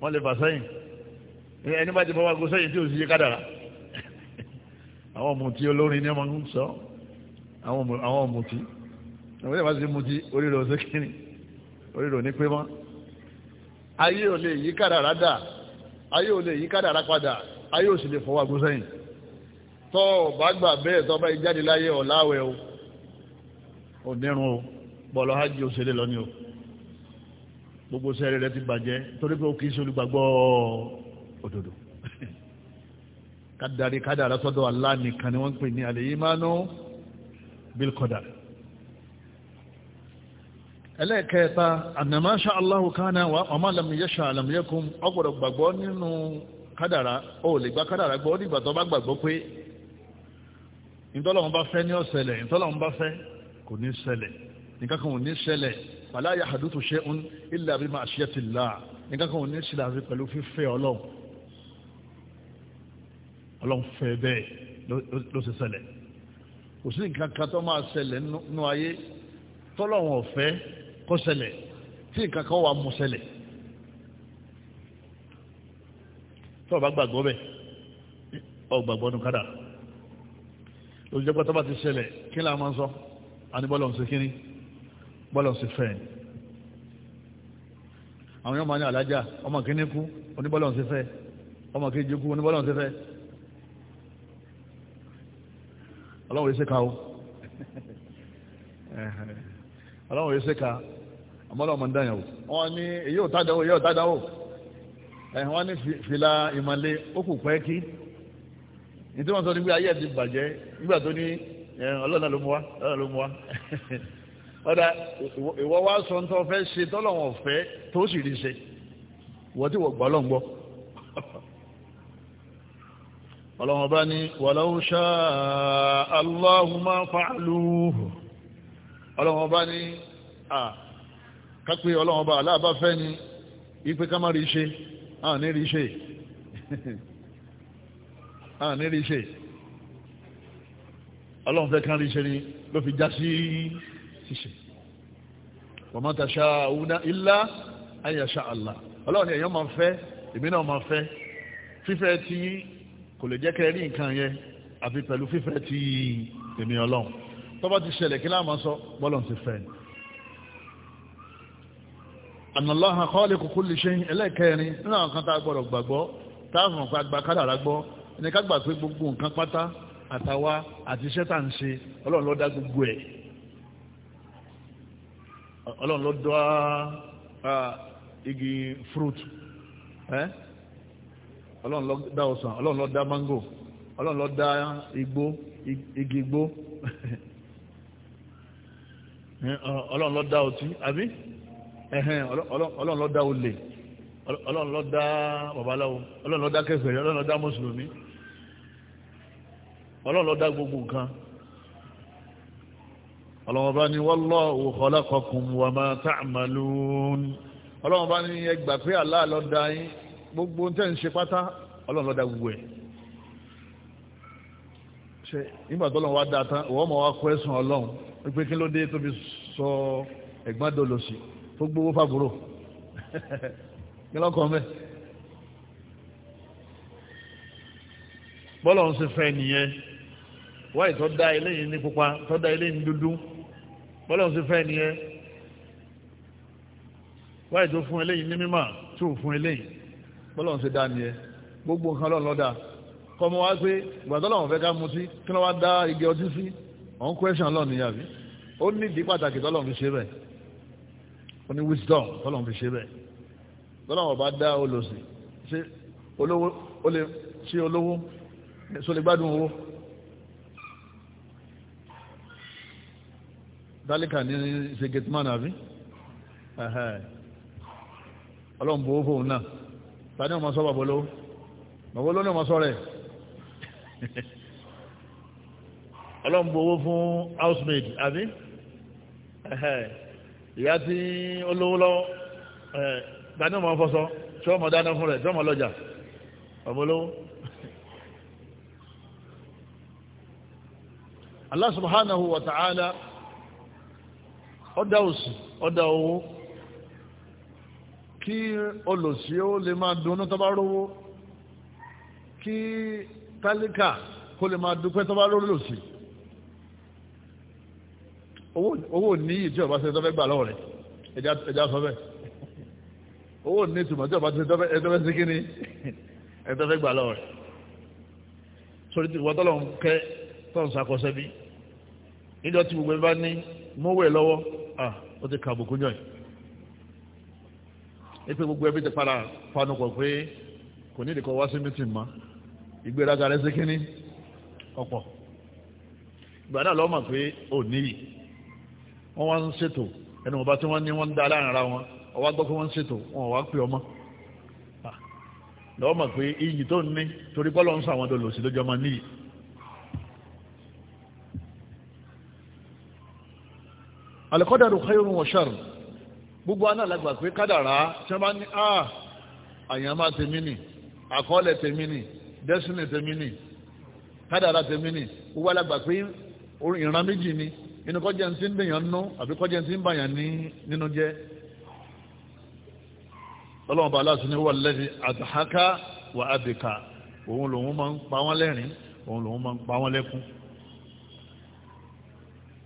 wọ́n lè fà sẹ́yìn ẹni bá ti fọwọ́ ago sẹ́yìn tí ò sí yé kádàrá àwọn ọmọ tí olórin ní ọmọ ń sọ àwọn ọmọtí àwọn ìwà sí mutí orílẹ̀ òsè kìíní orílẹ̀ òní pé mọ́ ayé ò lè yí kádàrá dà ayé ò lè yí kádàrá padà ayé ò sì lè fọwọ́ agbó sẹ́yìn tọ́ ọ̀bá gbà bẹ́ẹ̀ tọ́ bá ìjáde láyé ọ̀láwẹ̀ o òdírun o bọ̀lọ̀ hajj ò ṣẹlẹ̀ lọ o gbogbo sẹ́rẹ̀ rẹ ti bàjẹ́ torí pé ó kìí ṣe olùgbàgbọ́ òdodo kádàrí kádàrá sọ́dọ̀ Allah nìkan ni wọ́n ń pè ní àlèyé mánú bilqadar ẹlẹ́ẹ̀kẹta ànàmá ṣá Allahu kana wa ọmọ alamiyẹ́ṣà alamiyẹ́kún ọgbọ̀dọ̀ gbàgbọ́ nínú kádàrá ó lè gba kádàrá gbọ́ nígbà tó bá gbàgbọ́ pé ìtọ́lọ́run bá fẹ́ ní ó ṣẹlẹ̀ ìtọ́lọ́run bá fẹ́ kò ní ṣẹlẹ̀ nǹkan kan ò ní ṣẹlẹ̀ fala yahdutu shay'un illa bi ma'siyatillah nǹkan kan ò ní ṣẹlẹ̀ àti pẹ̀lú fífẹ́ ọlọ́run ọlọ́run fẹ́ bẹ́ẹ̀ ló ṣe ṣẹlẹ̀ kò sí nǹkan kan tó máa ṣẹlẹ̀ nínú ayé tọ́lọ́wọ̀n ọ̀fẹ́ kó ṣẹlẹ̀ tí nǹkan kan wà mú ṣẹlẹ̀ tó bá gbàgbọ́ bẹ́ẹ̀ ọgbàgbọ́ nu kádà lójújẹ́ pé tó bá ti ṣẹlẹ̀ kí ni a máa ń sọ àní bọ́lọ̀ ń ṣe kíní bọ́lọ̀ ń ṣe fẹ́ ẹ̀ àwọn yóò máa ní alájà ọmọ kíní kú oníbọ́lọ̀ ń ṣe fẹ́ ọmọ kejì kú oníbọ́lọ̀ ń ṣe fẹ́ ọlọ́run yìí ṣèkà o ọlọ́run yìí ṣèkà àmọ́lọ́ ọmọ dáyàwó wọ́n ní èyí ò tádàwó èyí ò tádàwó wọ́n ní fìlà ìmàle ó kù pẹ́ kí ní tí wọ́n sọ nígbà ayé ẹ̀ ti bàjẹ́ nígbà tó ní ọlọ́run ló mú wa ọlọ́run ló mú wa ọ̀dà ìwọ wá sọ ń tọ́ fẹ́ ṣe tọ́lọ́wọ̀n fẹ́ tó sì rí ṣe wọ́n ti wọ̀ gbọ́ lọ́ngbọ́ ọlọ́run bá ní walau shaa Allahu ma fa'aluhu ọlọ́run bá ní à kápẹ́ ọlọ́run bá aláàbá fẹ́ ni ipe ká má rí ṣe àà ní rí ṣe àà ní rí ṣe ọlọ́run fẹ́ kán rí ṣe ni ló fi já sí ṣíṣe wa ma tasha'una illa an yasha Allah ọlọ́run ni èèyàn máa fẹ́ èmi náà máa fẹ́ fífẹ́ tí kò lè jẹ́ kẹ́ rí nǹkan yẹn àfi pẹ̀lú fífẹ́ ti èmi ọlọ́run tó bá ti ṣẹlẹ̀ kí láàmú sọ bọ́lọ̀ ti fẹ́ ni. Anallaha khaliqu kulli shay ẹlẹ́kẹrin nínú àwọn kan tá a gbọ́dọ̀ gbàgbọ́ táwọn kan gba kádàrá gbọ́ ẹni ká gbà pé gbogbo nǹkan pátá àtàwa àti iṣẹ́ tá à ń ṣe ọlọ́run ló dá gbogbo ẹ̀ ọlọ́run ló dá ah, igi fruit. Eh? ọlọ́run ló dá ọsàn ọlọ́run ló dá mango ọlọ́run ló dá igbó igi igbó ọlọ́run ló dá ọtí àbí ọlọ́run ló dá olè ọlọ́run ló dá babaláwo ọlọ́run ló dá kèfèrí ọlọ́run ló dá mùsùlùmí ọlọ́run ló dá gbogbo nǹkan ọlọ́run bá ní wallahu khalaqakum wa ma ta'malun ọlọ́run bá ní ẹgbà pé Allah ló dá yín gbogbo tẹ́ ń ṣe pátá ọlọ́run ló dá gbogbo ẹ̀ ṣe nígbà tó lọ́wọ́ dá tán ìwọ́n mọ̀ wá kọ́ ẹ̀sùn ọlọ́run wípé kí ló dé tó fi sọ ẹ̀gbọ́n dolòṣì tó gbowó fàbúrò kí lọ́kọ̀ mẹ́ bọ́lọ̀ ń ṣe fẹ́ nìyẹn wáyé tó dá eléyìí ní pupa tó dá eléyìí ní dúdú bọ́lọ̀ ń ṣe fẹ́ nìyẹn wáyé tó fún eléyìí ní mímọ́ tó fún eléyìí bọ́lọ́n ṣe dá ni ẹ gbogbo nǹkan lọ́nà lọ́dà kọmọ wá pé ìgbàdọ́lọ́wọ̀n fẹ́ ká mu sí kí wọ́n wá dá igi ọtí sí ọ̀n kwẹ́sàn lọ́nà yàbí ó ní ìdí pàtàkì tọ́lọ́n fi ṣe bẹ́ẹ̀ ó ní wisdom tọ́lọ́n fi ṣe bẹ́ẹ̀ tọ́lọ́wọ̀n bá dá olòṣì ṣe olówó ó lè ṣe olówó ṣe lè gbádùn owó dálíkà ní ṣe gẹ̀tìmánà àbí ọlọ́run bò ó fóun náà tani ọmọ sọ bàbóló bàbóló ní ọmọ sọ rẹ̀ ọlọ́run gbowó fún housemaid àbí ìyá tí ó tí dáná fún tí Allah subhanahu wa ta'ala ọ̀dà kí olòṣì ó lè máa dunnú tó bá rówó kí tálíkà kó lè máa dúpẹ́ tó bá rówó lòṣì owó níyì tí ọba ṣe tó fẹ́ gbà lọ́wọ́ rẹ̀ ẹja sọ bẹ́ẹ̀ owó ní ìtumọ̀ tí ọba ṣe tó fẹ́ sí kíni ẹ tó fẹ́ gbà lọ́wọ́ rẹ̀ sórí ti wọ́n tọ́lọ̀ ń kẹ́ tọ́n ṣàkọsẹ́ bí níjọ́ tí gbogbo ẹ bá ní mówó lọ́wọ́ ah ó ti kà àbùkù ipe gbogbo ẹbí ti padà fanukọ̀ pé kò ní ìdíkọ̀ wá sí mítìn mọ́ ìgbéraga rẹ̀ sí kínní ọ̀pọ̀ ìgbà náà lọ́mọ̀ pé ò níyì wọ́n wá ń ṣètò ẹnu ọba tí wọ́n ní wọ́n ń da láàrin ara wọn ọwá gbọ́ pé wọ́n ń ṣètò wọn ò wá pè ọmọ lọ́mọ̀ pé iyì tó ní torí pé Ọlọ́run sàwọn tó lò sí lójú ọmọ níyì al-qadaru khayrun wa sharrun gbogbo aná lágbà pé kádàrá tí wọ́n bá ní ah àyàmá tèmi nì àkọọ́lẹ̀ tèmi nì destiny tèmi nì kádàrá tèmi nì gbogbo alágbà pé ìran méjì ni inú kọjá tí ń dèyàn nú àbí kọjá tí ń bàyàn ní nínú jẹ́ ọlọ́run bá aláṣẹ ní wọ́n lẹ́sìn àtàháká wà á òun lòun máa ń pa wọ́n lẹ́rìn òun lòun máa ń pa wọ́n lẹ́kún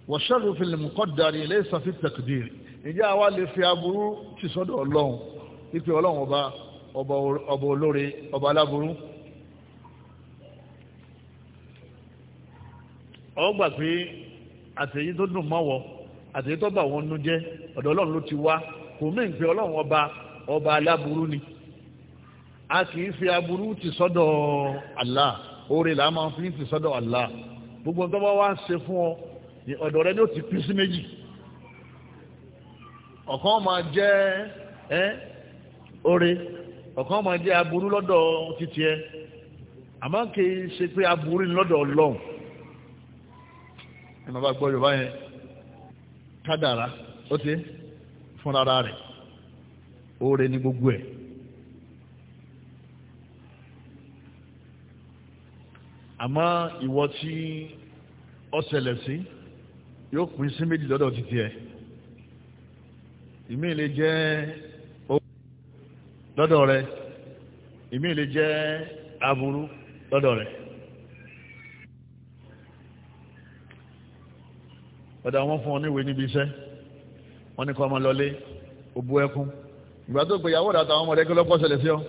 wọ́n ṣẹ́gun lè mú kọ́ darí ilé ìsàfihàn tẹ̀kìdìrì ìjẹ́ àwa lè fi aburú ti sọ́dọ̀ ọlọ́run wípé ọlọ́run ọba ọba olóore ọba aláburú ọ gbà pé àtẹ̀yí tó dùn mọ́wọ́ àtẹ̀yí tó bà wọ́n nú jẹ́ ọ̀dọ̀ ọlọ́run ló ti wá kò mí pé ọlọ́run ọba ọba aláburú ni a kì í fi aburú ti sọ́dọ̀ Allah oore là máa fi ti sọ́dọ̀ Allah gbogbo tó bá wá ń ṣe fún ọ ọ̀dọ̀ rẹ ni ó ti pín sí méjì. ọ̀kan ma jẹ́ ẹ́ ore ọ̀kan máa jẹ́ aburú lọ́dọ̀ títí ẹ àmọ́ kì í ṣe pé aburú lọ́dọ̀ ọlọ́run ẹ bá gbọ́ yorùbá yẹn kádàrá ó ti fúnra rẹ̀ oore ní gbogbo ẹ̀. àmọ́ ìwọ tí ọ ṣẹlẹ̀ sí yóò pín sí méjì lọ́dọ̀ ìmí lè jẹ́ owó lọ́dọ̀ rẹ ìmí lè jẹ́ aburú lọ́dọ̀ rẹ. ọ̀dà wọn fún ọ níwèé níbi iṣẹ́ wọn ní kọ́ ọmọ lọlé òbu ẹkún ìgbà tó gbé ìyàwó dàtà àwọn ọmọdé kí lọ́pọ̀ ṣẹlẹ̀ sí ọ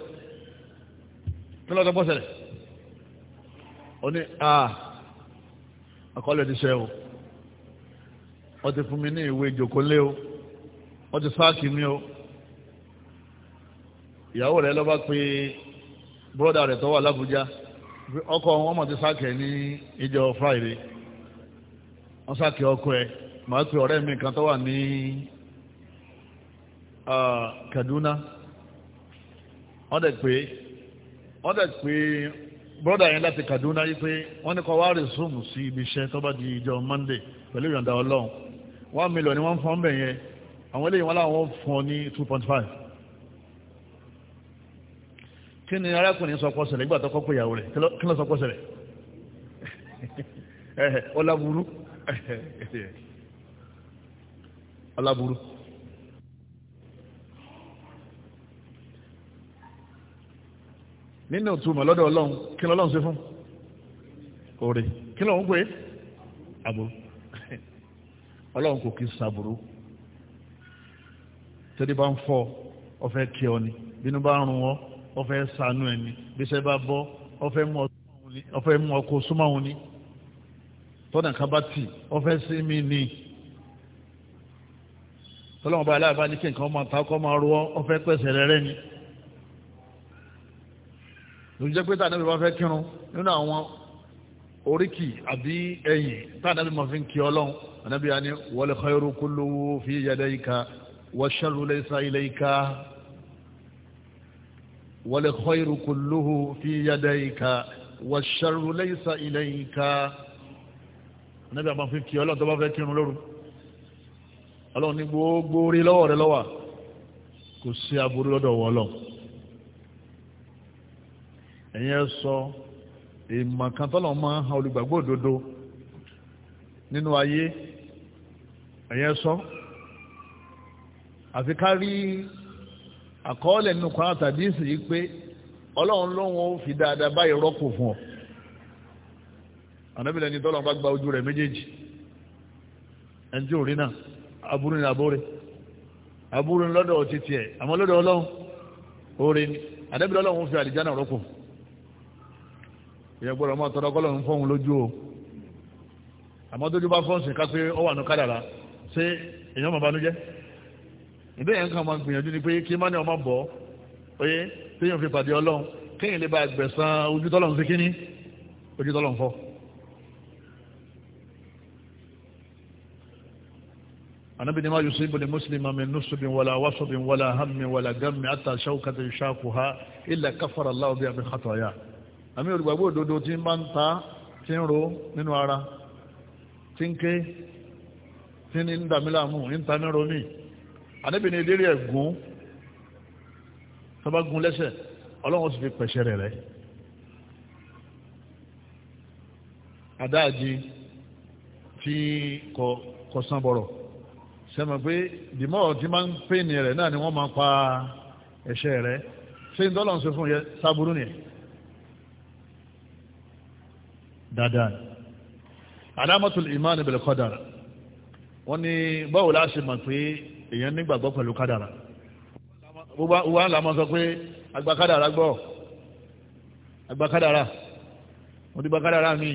kí lọ́pọ̀ ṣẹlẹ̀ ó ní a ti ṣe o wọ́n ti fún mi ní ìwé ìjòkó lé o. wọ́n ti sáàkì mi o ìyàwó rẹ̀ lọ́ba pé bọ́dà rẹ̀ tó wà lábújá ọkọ wọn ti sáàkì ẹ̀ ní ìjọ Friday wọ́n sáàkì ọkọ ẹ̀ màá pe ọ̀rẹ́ mi kan tó ní Kaduna wọ́n dẹ̀ pé wọ́n dẹ̀ pé láti Kaduna yìí pé wọ́n ní kọ́ wá rìsúùmù sí ibi iṣẹ́ tó bá di àwọn eléyìí wọn láwọn fún ọ ní two point five kí ni arákùnrin sọ pọ́ sẹlẹ̀ nígbà tó kọ́kọ́ ìyàwó rẹ̀ kí ló sọ pọ́ sẹlẹ̀ ọláburú ọláburú nínú ìtumọ̀ lọ́dọ̀ ọlọ́run kí ló lọ́run ṣe fún òrè kí ló ń pè é àbúrú ọlọ́run kò kí sàbúrú tẹ́lẹ̀ bá ń fọ́ ọ̀fẹ́ kí ọ ni bínú bá rún ọ ọ̀fẹ́ sànú ẹ̀ ni bíṣẹ́ bá bọ́ ọ̀fẹ́ mú ọkọ̀ súnmọ́hún ni tọ́nà kábàtì ọ̀fẹ́ sí mi ni tọ́lọ́mọ bá aláàbá ní kí nǹkan máa ta ọkọ̀ máa rú ọ ọ̀fẹ́ pẹ̀sẹ̀ rẹ̀ rẹ̀ ni lójú pé tá ànábì fẹ́ kírun nínú àwọn oríkì àbí ẹ̀yìn tá ànábì fi ń kí ọlọ́run ànábì á ní wal khayru fi yadayka والشر ليس إليك والخير كله في يديك والشر ليس إليك نبي أبا فيكي الله تبا فيكي نور الله نبو بوري ولا لوا كسي أبوري لدو ولو ẹ̀yẹ́ sọ ìmọ̀ kan tọ́lọ̀ máa ń ha olùgbàgbọ́ òdodo nínú ayé ẹ̀yẹ́ sọ àfi ká rí àkọọ́lẹ̀ nínú kan àtàdé pé ọlọ́run lọ́wọ́ fi dáadáa báyìí rọ́pò fún ọ ànábìlẹ̀ ni tọ́lọ́run bá gba ojú rẹ̀ méjèèjì ẹni tí ò rí náà aburú ni aburú ni lọ́dọ̀ ọtí tiẹ̀ àmọ́ lọ́dọ̀ ọlọ́run ni ànábìlẹ̀ ọlọ́run fi àlìjánà rọ́pò ìyẹn gbọ́dọ̀ ọmọ tọ́lọ́ kọ́lọ́run fọ́hun lójú o àmọ́ tójú bá fọ́ọ̀sì ká pé ọ wà nù ṣé èèyàn mọ̀ ìdí yẹn kan máa ń gbìyànjú ni pé kí má ní ọmọ bọ̀ oyé téèyàn fi pàdé ọlọ́run kéèyàn lè ba àgbẹ̀sán ojú tọ́lọ́run sí kínní ojú tọ́lọ́run fọ́. anabi ni ma yusibu ni muslima min nusubin wala wasubin wala hammin wala gammin hatta shawkata yushakuha illa kafara Allahu biha min khataya àmì olùgbàgbọ́ òdodo tí ń bá ń ta tí ń ro nínú ara tí ń ké tí ń dàmílàmù ń ta ní romí ànábì ni eléré ẹ̀gún tó bá gun lẹ́sẹ̀ ọlọ́run sì fi pẹ̀ṣẹ̀ rẹ̀ rẹ̀ adáàjì tí kò kò san bọ̀rọ̀ sẹ́mi pé dìmọ́ tí máa ń pè ní rẹ̀ náà ni wọ́n máa pa ẹ̀ṣẹ̀ rẹ̀ ṣé ń dọ́là ń ṣe fún yẹ sábúrú nìyẹn dáadáa alámọ̀tò ìmáàni bil qadar wọ́n ní báwo la ṣe mọ̀ pé èèyàn nígbàgbọ́ pẹ̀lú kádàrà wà lámọ́ sọ pé agba kádàrà gbọ́ agba kádàrà mo ti gba kádàrà mi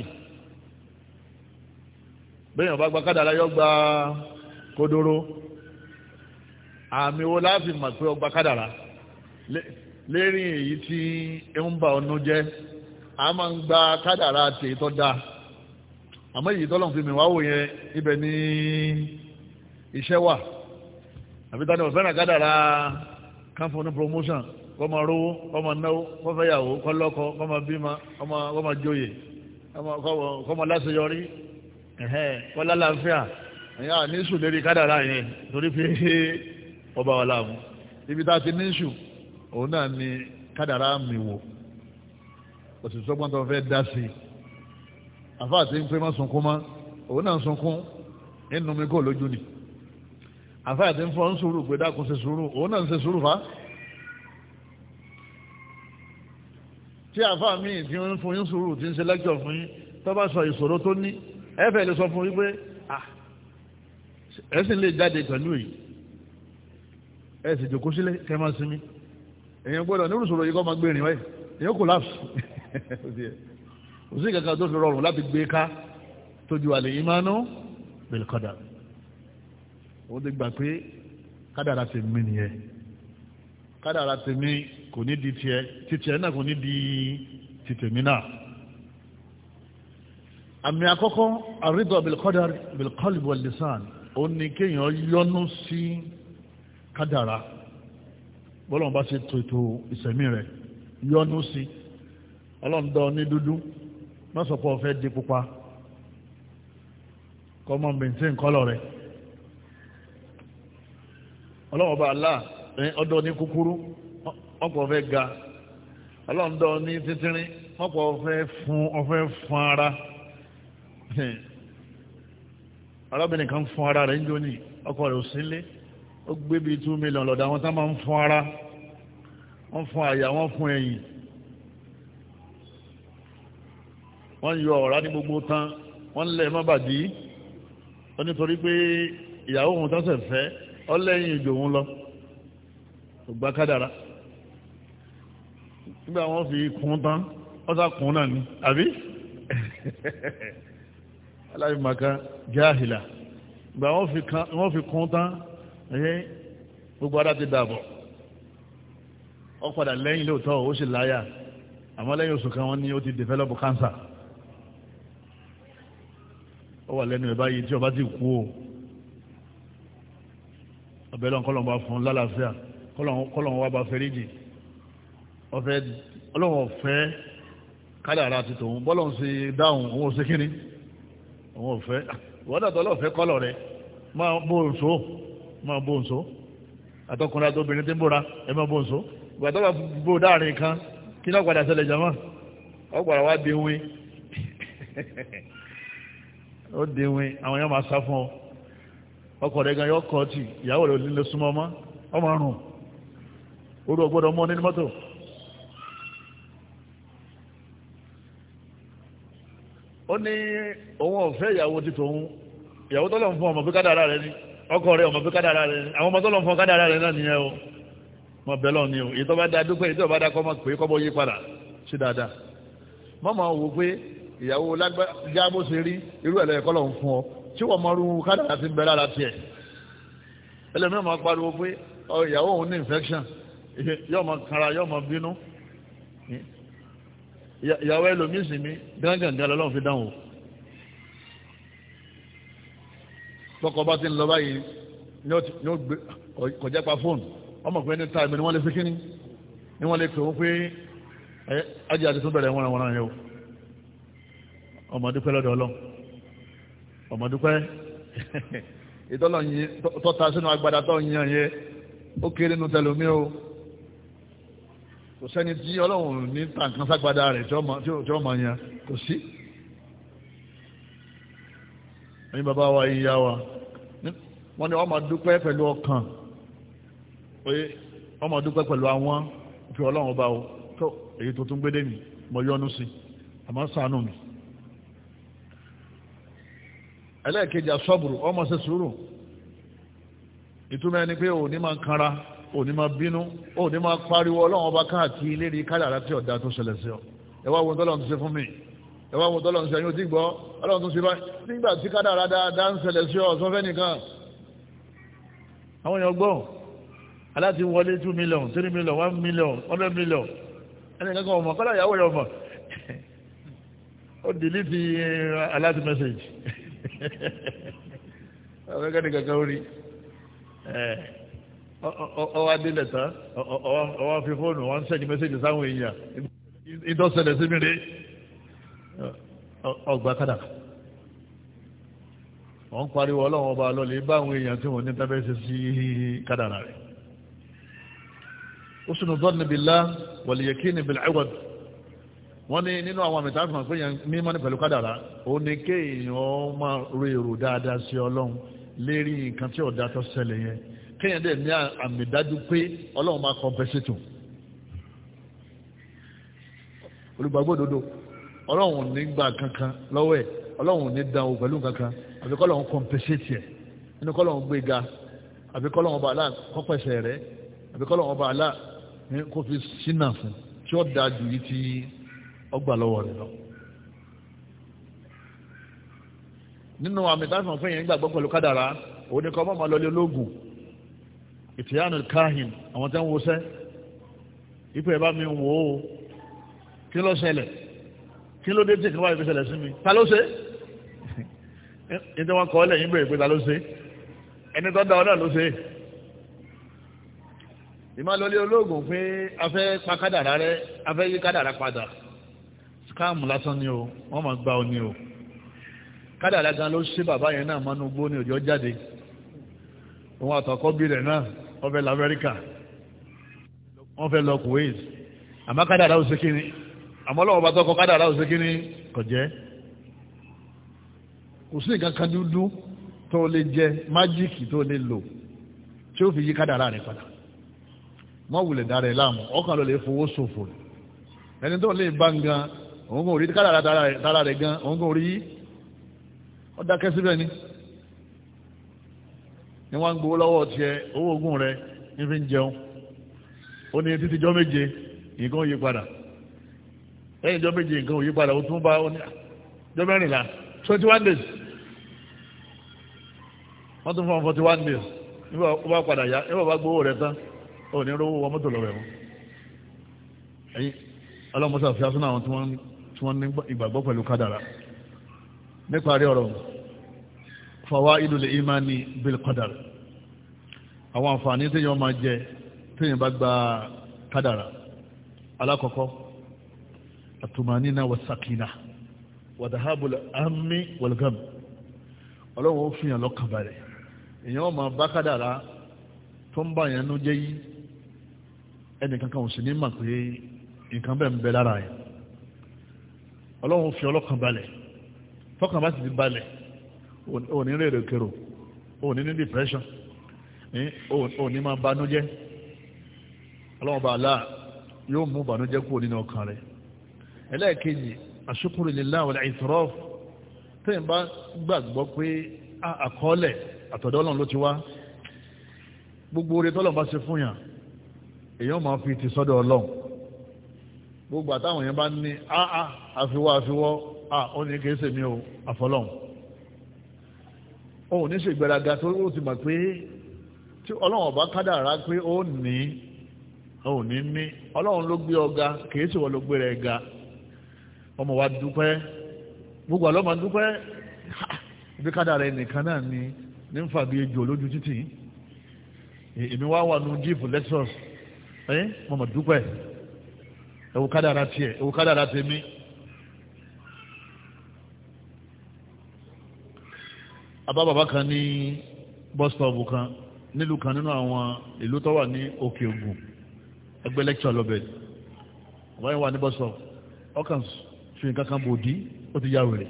bẹ́ẹ̀yàn bá gba kádàrà yọ gba kodoro àmì wo láti mọ̀ pé ọgba kádàrà lérí èyí tí ń ba ọ̀nà jẹ́ a máa ń gba kádàrà tèyí tó àmọ́ èyí tọ́lọ́n fi mi wá wò yẹn ibẹ̀ ni iṣẹ́ wà àbí tani ọ̀fẹ́ràn kádàrá káfọ́ ní promotion kọ́ máa rówó kọ́ máa náwó kọ́ fẹ́ yàwó kọ́ lọ́kọ́ kọ́ máa bímọ kọ́ máa joyè kọ́ máa láṣeyọrí kọ́ lálàáfíà ẹ̀yà ní lérí kádàrá yẹn torí pé ọba wà láàmú ibi tá a ti ní òun náà ni kádàrá mi wò òṣìṣọ́gbọ́n tó fẹ́ dá sí i àfáà ti ń pé má sunkún má òun náà sunkún inú mi kò lójú nìí àfáà ti ń fọ́ ń sùúrù pé dákun ṣe sùúrù òun náà ń ṣe sùúrù fa tí àfáà míì ti ń fún yín sùúrù ti ń ṣe lẹ́kítọ̀ fún yín tó bá sọ ìṣòro tó ní ẹ fẹ́ lè sọ fún yín pé ẹ sì lè jáde pẹ̀lú èyí ẹ sì jòkó sílẹ̀ kẹ́ máa sinmi èèyàn gbọ́dọ̀ nírú ìṣòro yìí kọ́ máa gbé rìn wáyé èèyàn collapse kò sí kankan tó fi rọrùn láti gbé ká tójú àlè ìmánú bil qadar ó ti gbà pé kádàrà ti mí nìyẹn kádàrà ti mí kò ní di tiẹ̀ titiẹ̀ náà kò ní di titèmi náà àmì àkọ́kọ́ àrídọ̀ bilkọ́dàr bilkọ́lìbù ẹ̀lẹ́sàn ó ní kéèyàn yọ́nú sí kádàrà bọ́lọ̀ bá ṣe tòótò ìsẹ̀mí rẹ̀ yọ́nú sí ọlọ́ndọ́ ní dúdú mọ́sọ̀pọ̀ fẹ́ di pupa kọ́mọ bẹ̀ntẹ́ ńkọ́lọ̀ rẹ̀ ọlọ́wọ́n bá aláà ọdọ ní kúkúrú ọ̀pọ̀ fẹ́ ga ọlọ́ndọ̀ ní títírín ọ̀pọ̀ fẹ́ fún ọfẹ́ fún ara arábìnrin kan fún ara rẹ̀ ń jóni ọkọ rẹ̀ ò sílé ó gbé bíi two million lọ́dọ̀ àwọn tá máa ń fún ara wọ́n fún àyà wọ́n fún ẹ̀yìn wọ́n yọ ọ̀rá ní gbogbo tán wọ́n lẹ̀ má bàdí ó nítorí pé ìyàwó òun tó ṣẹ̀ fẹ́ ọlẹ́yìn ìjò òun lọ ògbà kádàrá nígbà wọn fi kún tán ọ̀sà kún náà ni àbí aláìmọ̀ká jáhìlà ìgbà wọn fi kún tán ẹ̀yẹ́ gbogbo ara ti dàbọ̀ ó padà lẹ́yìn lóòótọ́ ó sì láyà àmọ́ lẹ́yìn oṣù kan wọ́n ní ó ti develop cancer ó wà lẹ́nu ẹ̀ báyìí tí ó ti kú o abẹ́lẹ́ ọ̀kọ́lọ́n bá fún lálàáfíà kọ́lọ́n wá bá fẹ́rí jì ọ̀fẹ́ ọlọ́wọ́ fẹ́ kádàrá ti tòun bọ́lọ̀ ń ṣe dáhùn òun ò ṣe kíní òun ò fẹ́ ìwọ́dà tó lọ́ọ̀fẹ́ kọ́lọ̀ rẹ máa bó nso máa bó nso àtọkùnrin àti obìnrin tí ń bóra ẹ máa bó nso ìgbà tó bá bó dáàrin kan kí náà padà ṣẹlẹ̀ jàmá ọgbàrá wa di win ó di win àwọn yẹn máa sá fún ọ ọkọ rẹ̀ gan yọ kọ́ ọtí ìyàwó rẹ̀ ò lè súnmọ́ ọmọ ọmọ rùn orú ọgbọ́dọ̀ mọ́ nínú mọ́tò ó ní òun ọ̀fẹ́ ìyàwó ti tòun ìyàwó tọ́lọ̀ ń fún ọmọ pé kádàrá rẹ ni ọkọ rẹ̀ ọmọ pé kádàrá rẹ ni àwọn ọmọ tọ́lọ̀ ń fún kádàrá rẹ náà nìyẹn o mọ bẹ́ẹ̀ lọ ni o èyí tó bá da dúpẹ́ èyí tó bá da kọ́ mọ́ pé kọ́ bọ́ yí padà sí dáadáa tí wọ́n mọ̀rú kádàrà ti bẹ̀rẹ̀ ara tiẹ̀ ẹlẹ́mìí máa pariwo pé ìyàwó òun ní infection yóò máa kanra yóò máa bínú ìyàwó ẹlòmíì sì mí gángangan lọ́lọ́run fi dáhùn o tọkọ bá ti ń lọ báyìí yóò gbé kọjá pa fóònù ọmọ pé ní táìmù ni wọ́n lè fi kíní ni wọ́n lè pè ó pé ajé àti tó bẹ̀rẹ̀ wọ́n ràn wọ́n ràn yẹn o ọmọdé pẹ́ lọ́dọ̀ ọlọ́run ọmọdúpẹ́ ìtọ́lọ̀ yìí tọ́ta sínú agbada tó ń yan yẹ ó kéré nu tẹlomi o kò sẹ́ni tí ọlọ́run ní tàǹkan ságbada rẹ̀ tí ó máa yan kò sí. ẹ̀yin bàbá wa ìyá wa wọ́n ní wọ́n máa dúpẹ́ pẹ̀lú ọkàn wọ́n máa dúpẹ́ pẹ̀lú àwọn fi ọlọ́run bá o tó èyí tó tún gbé dé mi mo yọ́nú sí àmọ́ ṣàánú mi ẹlẹ́ẹ̀kejì asọ́bùrù ọmọ ṣe sùúrù ìtumọ̀ ẹni pé òní máa kanra òní máa bínú òní máa pariwo ọlọ́run ọba káàkiri lérí kádàrá tí ọ̀dà tó ṣẹlẹ̀ sí ọ ẹ wá wo tọ́lọ́run ti ṣe fún mi ẹ wá wo tọ́lọ́run ṣe ẹ̀yìn ó ti gbọ́ ọlọ́run tó ṣe báyìí nígbà tí kádàrá dáadáa ń ṣẹlẹ̀ sí ọ sọ́fẹ́ nìkan àwọn èèyàn gbọ́ aláti wọlé two million three million one million hundred million ẹnì kankan ọmọ kọ́lá ìyàwó rẹ̀ ọmọ ó delete eh, aláti message ọ̀rẹ́ kẹ́ni kankan ó rí ọwọ́ adélẹ̀ tán ọwọ́ fi fóònù wọn ń sẹ́ni mẹ́sẹ́jì sáwọn èèyàn ìdọ́sẹ̀lẹ̀ sí mi rí ọgbà kádà wọ́n pariwo ọlọ́run ọba lọ́lẹ̀ bá àwọn èèyàn tí wọ́n ní tábẹ́ ṣe sí kádàrà rẹ̀ ó sùnù dọ́nìbìlá wàlìyàkí nìbìlá ẹwàdù wọ́n ní nínú àwọn àmì táwọn fún pé yẹn mímọ́ ní pẹ̀lú kádàrá ó ní kéèyàn máa ro èrò dáadáa sí ọlọ́run lérí nǹkan tí ọ̀dà tó ṣẹlẹ̀ yẹn kéèyàn dẹ̀ ní àmì dájú pé ọlọ́run máa compensate olùgbàgbọ́ òdodo ọlọ́run ní gbà kankan lọ́wọ́ ẹ̀ ọlọ́run ní dán o pẹ̀lú kankan àbí kọ́lọ́run compensate ẹ̀ nínú kọ́lọ́run gbé ga àbí kọ́lọ́run ọba ọgbà lọ́wọ́ rẹ̀ lọ. nínú àmì táwọn fún yẹn gbàgbọ́ pẹ̀lú kádàrá òun ni kọ́ mọ́mọ́ lọlé ológun ìtìyánu káhìn àwọn tẹ́ ń wọṣẹ́ ipò ẹ̀ bá mi wò ó kí ló ṣẹlẹ̀ kí ló dé tí ìkànnì wáyé fi ṣẹlẹ̀ sí mi ta ló ṣe ní tí wọ́n kọ́ ọ́ lẹ́yìn bẹ̀rẹ̀ pé ta ló ṣe ẹni tó da ọ náà ló ṣe é ìmọ̀lọ́lé ológun pé afẹ́ pa kádàrá rẹ afẹ́ yí kádàrá padà skáàmù lásán ni o wọ́n máa gba ọ ni o kádà alága ló ṣe bàbá yẹn náà mọ́nú gbó ní òjò jáde òun àtọ̀kọ́ bí rẹ̀ náà wọ́n fẹ́ lọ Amẹ́ríkà wọ́n fẹ́ lọ Kuwait àmọ́ kádà aláwọ̀ ṣe kíni àmọ́ lọ́wọ́ bá tọkọ kádà aláwọ̀ ṣe kíni kò jẹ́ kò sí nǹkan kan dúdú tó lè jẹ májíìkì tó lè lò tí ó fi yí kádà ara padà mọ́ wulẹ̀ dára ẹ̀ láàmú ọkàn ló lè fowó ṣòfò ẹni tó lè bá ń òun kò rí kádàrà tara rẹ̀ gan òun kò rí ọ dákẹ́ síbẹ̀ ni ni wọ́n ń gbowó lọ́wọ́ tiẹ̀ owó ogun rẹ̀ ní fi ń jẹun ó ní títí jọ́ méje nǹkan ò yí padà lẹ́yìn jọ́ méje nǹkan ò yí padà ó tún bá ó ní jọ́ mẹ́rìnlá twenty one days wọ́n tún fún forty one days nígbà ó bá padà yá nígbà ó bá gbowó rẹ̀ tán ó ní rówó wọn mọ́tò lọ́wọ́ ẹ̀ wọ́n ẹ̀yin ọlọ́mọṣà fi asúnà àwọn tí wọ́n ń tí wọ́n ní ìgbàgbọ́ pẹ̀lú kádàrà níparí ọ̀rọ̀ fawaidul imani bil qadar àwọn àǹfààní téèyàn máa jẹ téèyàn bá gba kádàrà alákọ̀ọ́kọ́ àtùmánínà wàsàkínà wàdàhábùl ammi wàlgàm ọlọ́run ó fi hàn lọ́kàn balẹ̀ èèyàn máa bá kádàrà tó ń bá yẹn nú jẹ́ yí ẹnìkankan ò sì ní mà pé nǹkan bẹ́ẹ̀ ń bẹ lára yẹn ọlọ́run fi ọlọ́kàn balẹ̀ tọ́kàn bá sì ti balẹ̀ òní rèrè kèrò òní ní depression òní máa banújẹ́ ọlọ́run bá aláà yóò mú banújẹ́ kúrò nínú ọkàn rẹ̀ ẹlẹ́ẹ̀kejì àṣukúrò lílá wal i'tiraf tẹ́yìn bá gbàgbọ́ pé àkọọ́lẹ̀ àtọ̀dọ̀ ọlọ́run ló ti wá gbogbo oore tọ́lọ́run bá ṣe fún yàn èèyàn máa fi ti sọ́dọ̀ ọlọ́run gbogbo àtàwọn yẹn bá ní áá àfiwọ́ àfiwọ́ à ó ní kìí ṣèmi o afọlọm òun ní ṣègbéraga tó ó ti mọ̀ pé tí ọlọ́run ọba kádàrá pé ó ní òun ní ní ọlọ́run ló gbé ọga kìí ṣèwọ́ ló gbé rẹ̀ ga ọmọ wa dúpẹ́ gbogbo àlọ́ máa dúpẹ́ ibi kádàrá ẹnìkan náà ni ní ń fàbí ejò lójú títì èmi wá wà nù jíìpù lexus ẹ mọ̀mọ́ dúpẹ́. ẹ̀wù kádàrà tiẹ̀ ẹ̀wù kádàrà tèmi. abá bàbá kan ní bọ́sítọ̀ọ̀bù kan nílùú kan nínú àwọn ìlú tó wà ní òkè ògùn ẹgbẹ́ lẹ́kítọ̀ lọ́bẹ̀ bàbá yẹn wà ní bọ́sítọ̀ọ̀bù ọkàn fi nǹkan kan bòdì ó ti yá wèrè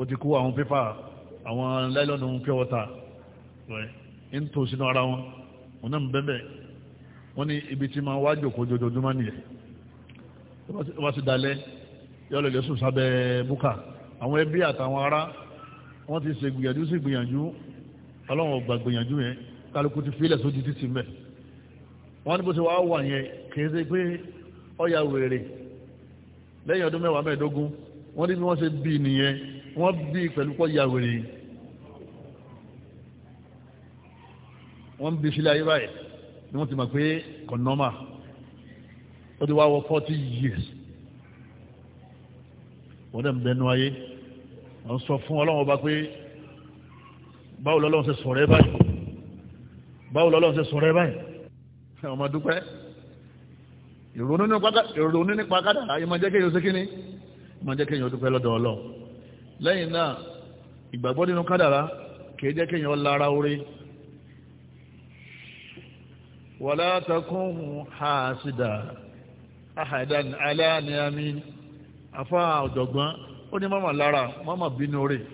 ó ti kó àwọn pépà àwọn láìlọ́nù pure water ń tò sínú ara wọn òun náà ń bẹ́ẹ̀ bẹ́ẹ̀ wọ́n ní ibi tí máa wájò kó jojoojúmọ́ nìyẹn tó bá ti dalẹ̀ yọ lọ lẹ́sùn sábẹ́ búkà àwọn ẹbí àtàwọn ará wọ́n ti ṣe gbìyànjú sí gbìyànjú ọlọ́run ọgbà gbìyànjú yẹn kálukú ti fílẹ̀ sójú títì mẹ́ wọ́n ní bó ṣe wá wà yẹn kìí ṣe pé ọ̀yà wèrè lẹ́yìn ọdún mẹ́wàá mẹ́ẹ̀ẹ́dógún wọ́n ní bí wọ́n ṣe bí nìyẹn wọ́n bí pẹ̀lú pọ̀ ya wèrè wọ́n bí sílẹ̀ ayé báyìí ni wọ́n ti mọ̀ pé kọ̀nọ́mà ó ti wá wọ forty years wọ́n dẹ̀ ń bẹnu ayé wọ́n sọ fún ọlọ́run ọba pé báwo lọ́lọ́run ṣe sọ̀rọ̀ ẹ báyìí báwo lọ́lọ́run ṣe sọ̀rọ̀ ẹ báyìí ọmọ dúpẹ́ ìrònú nípa kádà ayé máa jẹ́ kéèyàn ṣe kíní máa jẹ́ kéèyàn dúpẹ́ lọ́dọ̀ ọlọ́run lẹ́yìn náà ìgbàgbọ́ nínú kádàrá kìí kéèyàn lára orí ولا تكن حاسدا أحدا على نعمه afá ọ̀jọ̀gbọ́n ó ní mọ́mọ̀ lára mọ́mọ̀ bínú rẹ̀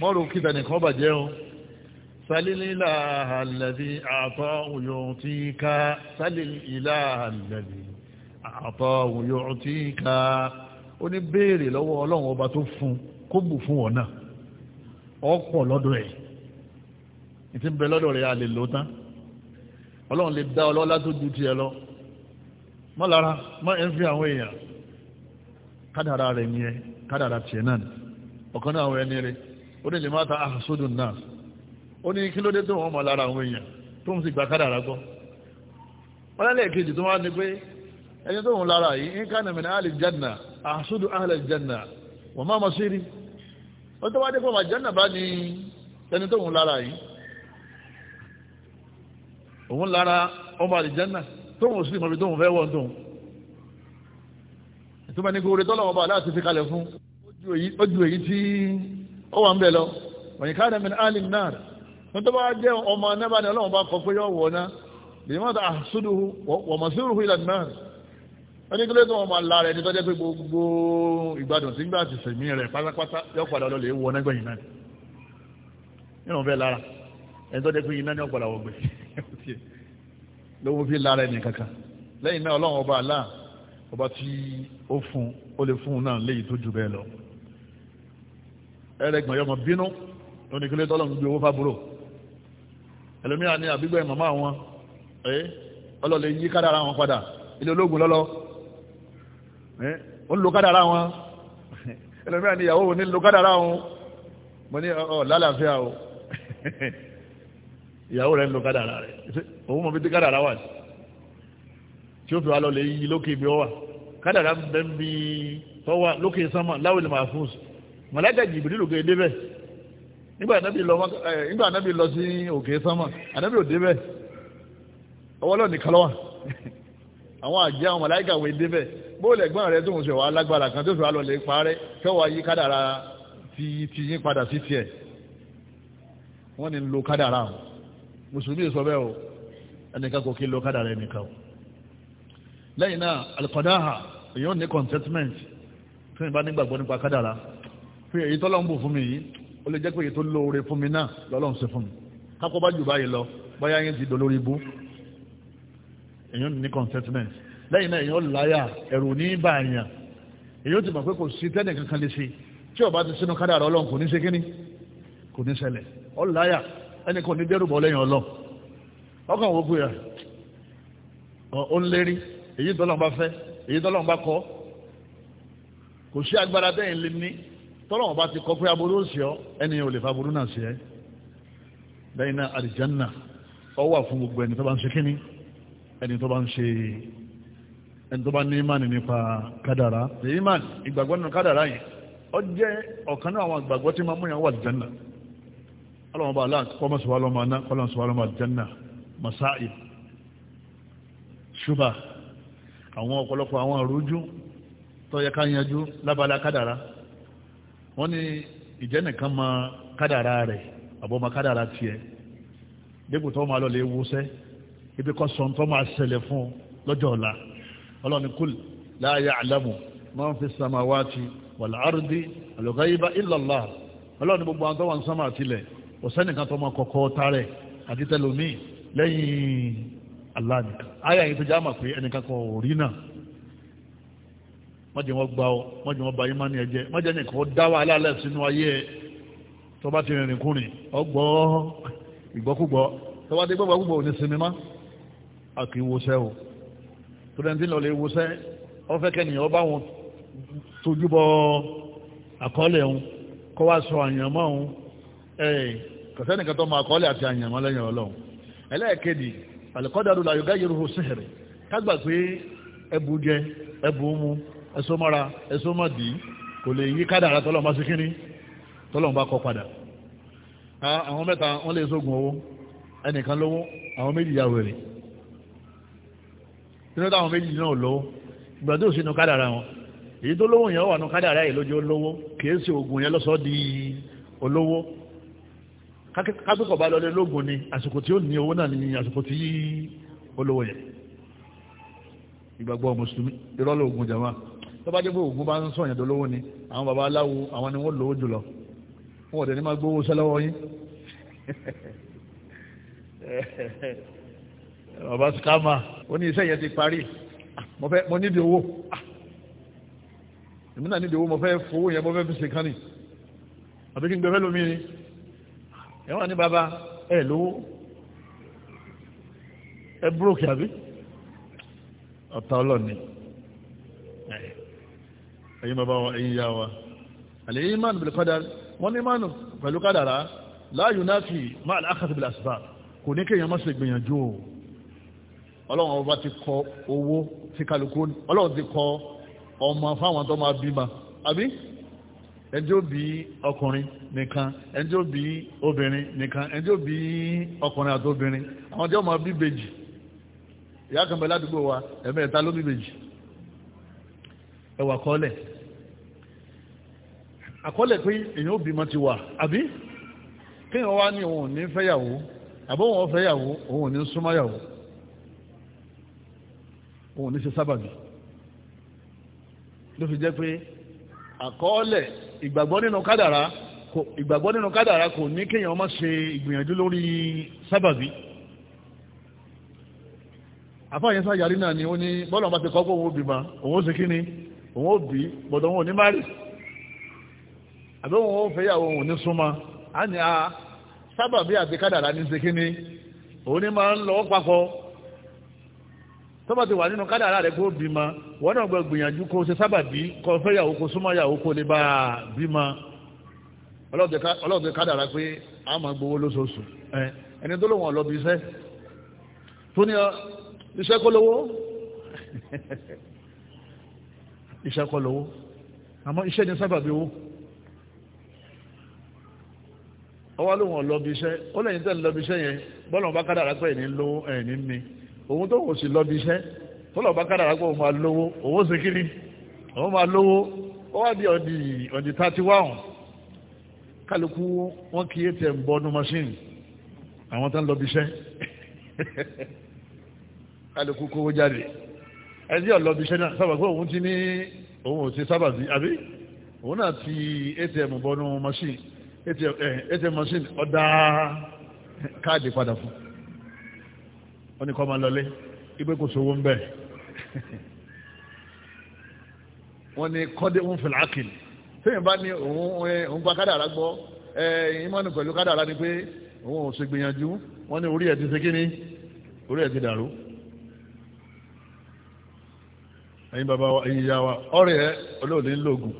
mọ́rù kíta nìkan bà jẹ́ ohun sálílá àlẹ́bí àtọ́ òyòrùn tí ká sálílá àlẹ́bí àtọ́ òyòrùn tí ká ó ní béèrè lọ́wọ́ ọlọ́run ọba tó fún kó bù fún ọ̀nà ọ̀pọ̀ lọ́dọ̀ ẹ̀ ìtí lọ́dọ̀ rẹ̀ a lè lò tán ọlọ́run lè dá ọlọ́lá tó ju tiẹ̀ lọ mọ́ lára mọ́ ẹ̀ ń fi àwọn èèyàn kádàrà rẹ̀ ni ẹ kádàrà tiẹ̀ náà ni ọ̀kan náà àwọn ẹni rẹ̀ ó ní lè má ta náà ó ní kí ló dé tó lára àwọn èèyàn tó ń sì gba kádàrà gbọ́ wọ́n lẹ́lẹ̀ kejì tó wá ní pé òun lára ọmọ àlìjánà tóun sì mọ̀bí tóun fẹ́ wọ́n tóun ìtumọ̀ ní kúrò tọ́lọ̀ ọba aláàtí fi kalẹ̀ fún ojú èyí tí ó wà ń bẹ̀ lọ wọ̀nyí káàdà mi ní alim náà tó tó bá jẹ́ ọmọ anábà ní ọlọ́run bá kọ pé yọ wọ̀ náà lè má ta àṣùdù wọ̀mọ̀ sí rúhu ìlànà náà wọ́n ní kí ló tó wọn máa la rẹ̀ ní tọ́jẹ́ pé gbogbo ìgbádùn tí ń gbà ti sèmí rẹ̀ pátápátá yọ padà lọ lè wọ nágbẹ̀yìn náà nínú bẹ́ẹ̀ lára ẹni tọ́jẹ́ pé iná ní ọ̀pọ̀lọpọ̀ gbèsè lówó fi lára ẹnì kankan lẹ́yìn náà ọlọ́run ọba àlá ọba tí ó fún ó lè fún un náà léyìí tó jù bẹ́ẹ̀ lọ ẹrẹgbọ̀n yọmọ bínú oníkílé tọ́lọ̀ ń gbé owó fábúrò ẹlòmíràn ní àbígbẹ́ màmá wọn ẹ ọlọ́lẹ̀ yí kádàrá wọn padà ilé ológun lọ́lọ́ ẹ ó ń lo kádàrá wọn ẹlòmíràn ní ìyàwó ní lo kádàrá wọn mo ní ọ lálàáfíà o ìyàwó rẹ̀ ń lo kádàrà rẹ̀ òun mọ̀ bí tí kádàrà wà sí tí ó fi wá lọ lè yí lókè ibi ọwà kádàrà ń bẹ́ ń bí tọ́wà lókè sánmà láwìlì mahfuz mọ̀lájà jìbìrì lòkè débẹ̀ nígbà anábì lọ sí òkè sánmà anábì ò débẹ̀ ọwọ́ lọ́ọ̀ nìkan lọ́wà àwọn àjẹ́ àwọn mọ̀lájà wò débẹ̀ bóòlù ẹ̀gbọ́n rẹ̀ tó ń ṣe wà lágbára kan tó fi wá lọ lè parẹ́ tọ́wà yí kádàrà ti yín padà sí tiẹ̀ wọ́n ni lo kádàrà àwọn mùsùlùmí sọ bẹ́ẹ̀ o ẹnìkan kò kí lọ kádà rẹ̀ nìkan o lẹ́yìn náà alqadaha èyí ò ní contentment fún ìbá nígbàgbọ́ nípa kádàrá fún èyí tó lọ́n bù fún mi yìí ó lè jẹ́ pé èyí tó lóore fún mi náà lọ́lọ́n ṣe fún mi kápọ́ bá jù báyìí lọ báyá yín ti dolórí ibú èyí ò ní contentment lẹ́yìn náà èyí ò láyà ẹ̀rù ní bàyàn èyí ò ti mọ̀ pé kò sí tẹ́nì kankan lè ṣe tí ó bá ti sínú kádàrá ọlọ́run kò ní ṣe kíní kò ní ṣẹlẹ̀ ó láyà ẹni kò ní dẹ́rù bọ̀ lẹ́yìn ọlọ́ ọkàn wo gbé rẹ̀ ó ń lérí èyí tọ́lọ́n bá fẹ́ èyí tọ́lọ́n bá kọ́ kò sí agbára tẹ́yìn lé ní tọ́lọ́n bá ti kọ́ pé aburú sí ọ ẹni ò lè fa aburú náà sí ẹ lẹ́yìn náà àlìjánà ọ wà fún gbogbo ẹni tó bá ń ṣe kíní ẹni tó bá ń ṣe ẹni tó bá ní ìmánì nípa kádàrá ìmánì ìgbàgbọ́ nínú kádàrá yìí ó jẹ́ ọ̀kan náà àwọn ìgbàgbọ́ tí máa mú yàn wà àlìjánà ọlọ́wọ́n bá aláàtí kọ́mọ̀ sọ́wọ́ lọ́mọ aná kọ́lọ̀ sọ́wọ́ lọ́mọ àjẹ́nà masáì ṣúbà àwọn ọ̀pọ̀lọpọ̀ àwọn àrújú tó yẹ ká yanjú lábala kádàrá wọ́n ní ìjẹ́nìkan ma kádàrá rẹ̀ àbọ̀ ma kádàrá tiẹ̀ dípò tó máa lọlé wúṣẹ́ ibi kan sọ tó máa ṣẹlẹ̀ fún lọ́jọ́ ọ̀la ọlọ́ni kul la ya'lamu man fi samawati wal ardi al-ghayba illa ọlọ́ni gbogbo àwọn tó wà ń sánmà tilẹ̀ kò sẹ́nìkan tó máa kọ̀kọ́ tààrẹ̀ àti tẹlomi lẹ́yìn Allah nìkan ayé àyè tó já mà pé ẹnìkan kan ò rí náà mọ́jẹ̀ wọ́n gba ọ mọ́jẹ̀ wọ́n ba yín má ní ẹ̀jẹ̀ mọ́jẹ̀ nìkan dá wàhálà lẹ̀ sínú ayé ẹ̀ tó bá ti rìnrìn kùnrin ọgbọ́ ìgbọ́kúgbọ́ tó bá ti gbọ́gbọ́ òní sinmi má a kì í wọṣẹ́ o tó dẹ́n lè wọṣẹ́ ọ fẹ́ kẹ́nìyàn ọba wọn tójú bọ àkọọ́lẹ̀ òun kọ́ wá sọ àyànmọ́ òun ẹ̀ẹ́ kọ̀sẹ́nìkan tó máa kọ́lé àti àyànmọ́ lẹ́yìn ọlọ́run ẹlẹ́ẹ̀kejì àlùkọ́dàrú la yóò gáyé ruhu síhìrì kágbà pé ẹbù jẹ ẹbù mu ẹsọ mọ́ra ẹsọ mọ́ dì í kò lè yí kádàrá tọ́lọ́mọ́ sí kíní tọ́lọ́mọ́ bá kọ́ padà àwọn mẹ́ta wọ́n lè sógun owó ẹnìkan lówó àwọn méjì ya wèrè nínú táwọn méjì náà lówó ìgbà tó sínú kádàrá wọn èyí tó lówó yẹn wà nù kádàrá yìí lójú olówó kìí ṣe ògùn yẹn lọ́sọ̀ọ́ di olówó kápẹ́kọ̀ bá lọlé lóògùn ni àsìkò tí ó ní owó náà ni àsìkò tí olówó yẹ ìgbàgbọ́ mùsùlùmí ìrọ́lẹ̀ ògùn jama tó bá jẹ́ pé ògùn bá ń sọ ìyàdó lówó ni àwọn baba aláwo àwọn ni wọ́n lówó jùlọ wọ́n ọ̀dẹ̀ ní máa gbówó sẹ́lọ́wọ́ yín baba skama ó ní iṣẹ́ yẹn ti parí ah, mo nídìí owó ah. èmi náà nídìí owó mo fẹ́ fowó yẹn mo fẹ́ fi ṣe kánì àbí kí n gbẹ́fẹ́ lómi ni ẹ̀wọ̀n ní bàbá ẹ̀ lówó ẹ búrókì àbí ọ̀tá ọlọ́ni ẹ̀yin bàbá wọn ẹ̀yin yá wa àlẹ́ yìí mánu bil qadar wọ́n ní mánu pẹ̀lú kádàrá la yunafi máa lákàtà bil asbab kò ní kéèyàn má ṣe gbìyànjú o ọlọ́run ọba ti kọ owó tí kálukú ọlọ́run ti kọ ọmọ fáwọn tó máa bímọ àbí ẹjọ́ bí ọkùnrin nìkan ẹni tí ó bí obìnrin nìkan ẹni tí ó bí ọkùnrin àti obìnrin àwọn tí ó máa bí bèjì ìyá kan bẹ ládùúgbò wa ẹ̀mẹ́ta ló bí bèjì ẹwà kọ́lẹ̀ àkọ́lẹ̀ pé èyàn ó bímọ ti wà àbí kéèyàn wá ní òun ní fẹ́yàwó àbọ̀ òun fẹ́yàwó òun ní súnmọ́yàwó òun ní ṣe sábàbí ló fi jẹ́ pé àkọọ́lẹ̀ ìgbàgbọ́ nínú kádàrá ìgbàgbọ́ nínú kádàrá kò ní kéèyàn má ṣe ìgbìyànjú lórí sábàbí àfáàyẹn sáyàrí náà ni ó ní bọ́ọ̀lù ọba ti kọ́ pé òun ó bímọ òun ó ṣe kí ni òun ó bí bọ̀dọ̀ òun ò ní má rí àbí òun ó fẹ́yàwó òun ní súnmọ́ á ní a sábàbí àti kádàrá ní ṣe kí ni òun ní máa ń lọ papọ̀ tọ́bà wà nínú kádàrá rẹ̀ kó bímọ wọ́n náà gbọ́ gbìyànjú kó ṣe sábàbí kó fẹ́yàwó kó súnmọ́ yàwó kó lè bá bímọ ọlọ́ọ̀dẹ kádàrá pé a máa gbowó lóṣooṣù ẹni tó lòun ọ̀lọ́bí iṣẹ́ tó ní ah, iṣẹ́ kó lówó iṣẹ́ kó lówó àmọ́ iṣẹ́ ni sábàbí owó ọwọ́ lòun ọ̀lọ́bí iṣẹ́ ó lẹ́yìn tẹ́ ń lọ́bí iṣẹ́ yẹn bọ́lọ̀ bá kádàrá pé ẹ̀ní lówó ẹ̀ní mi òun tó kò sí lọ́bí iṣẹ́ tọ́lọ̀ bá kádàrá pé òun máa lówó òun ó ṣe kíní òun máa lówó ó wá di ọ̀dì ọ̀dì 31 kálukú wọn kì í tẹ̀ ń bọ́nu machine àwọn tó ń lọ bíṣẹ́ kálukú kówó jáde ẹni ọ̀ lọ bíṣẹ́ náà sábà pé òun ti ní òun ò ti sábà bí àbí òun náà ti atm bọ́nu machine atm eh, machine ọ̀dà káàdì padà fún wọn ni kọ́ máa lọlé ibi kò sówó ń bẹ̀ wọ́n ní kọ́dé ń fìlà ákìlì téèyàn bá ní òun eh, òun gba kádàrá gbọ́ ẹ eh, ìmọ̀nù pẹ̀lú kádàrá ni pé òun ò ṣe gbìyànjú wọ́n ní orí ẹ̀ ti ṣe kí ni orí ẹ̀ ti dàrú. ẹ̀yin bàbá wa ẹ̀yin ìyá wa ọ̀rẹ́ ẹ olóòdì ń lògùn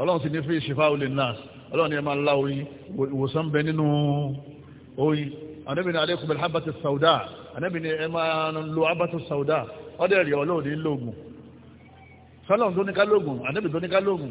ọlọ́run sì ní fi ṣèfà olè nas ọlọ́run ni ẹ máa la oyin ìwòsàn bẹ nínú oyin anabini alaykum bil habati sauda anabini ẹ máa lo habati sauda ọdẹ rẹ ọlọ́run ní lògùn sọlọ́run tó ní ká lògùn anabi tó ní ká lògùn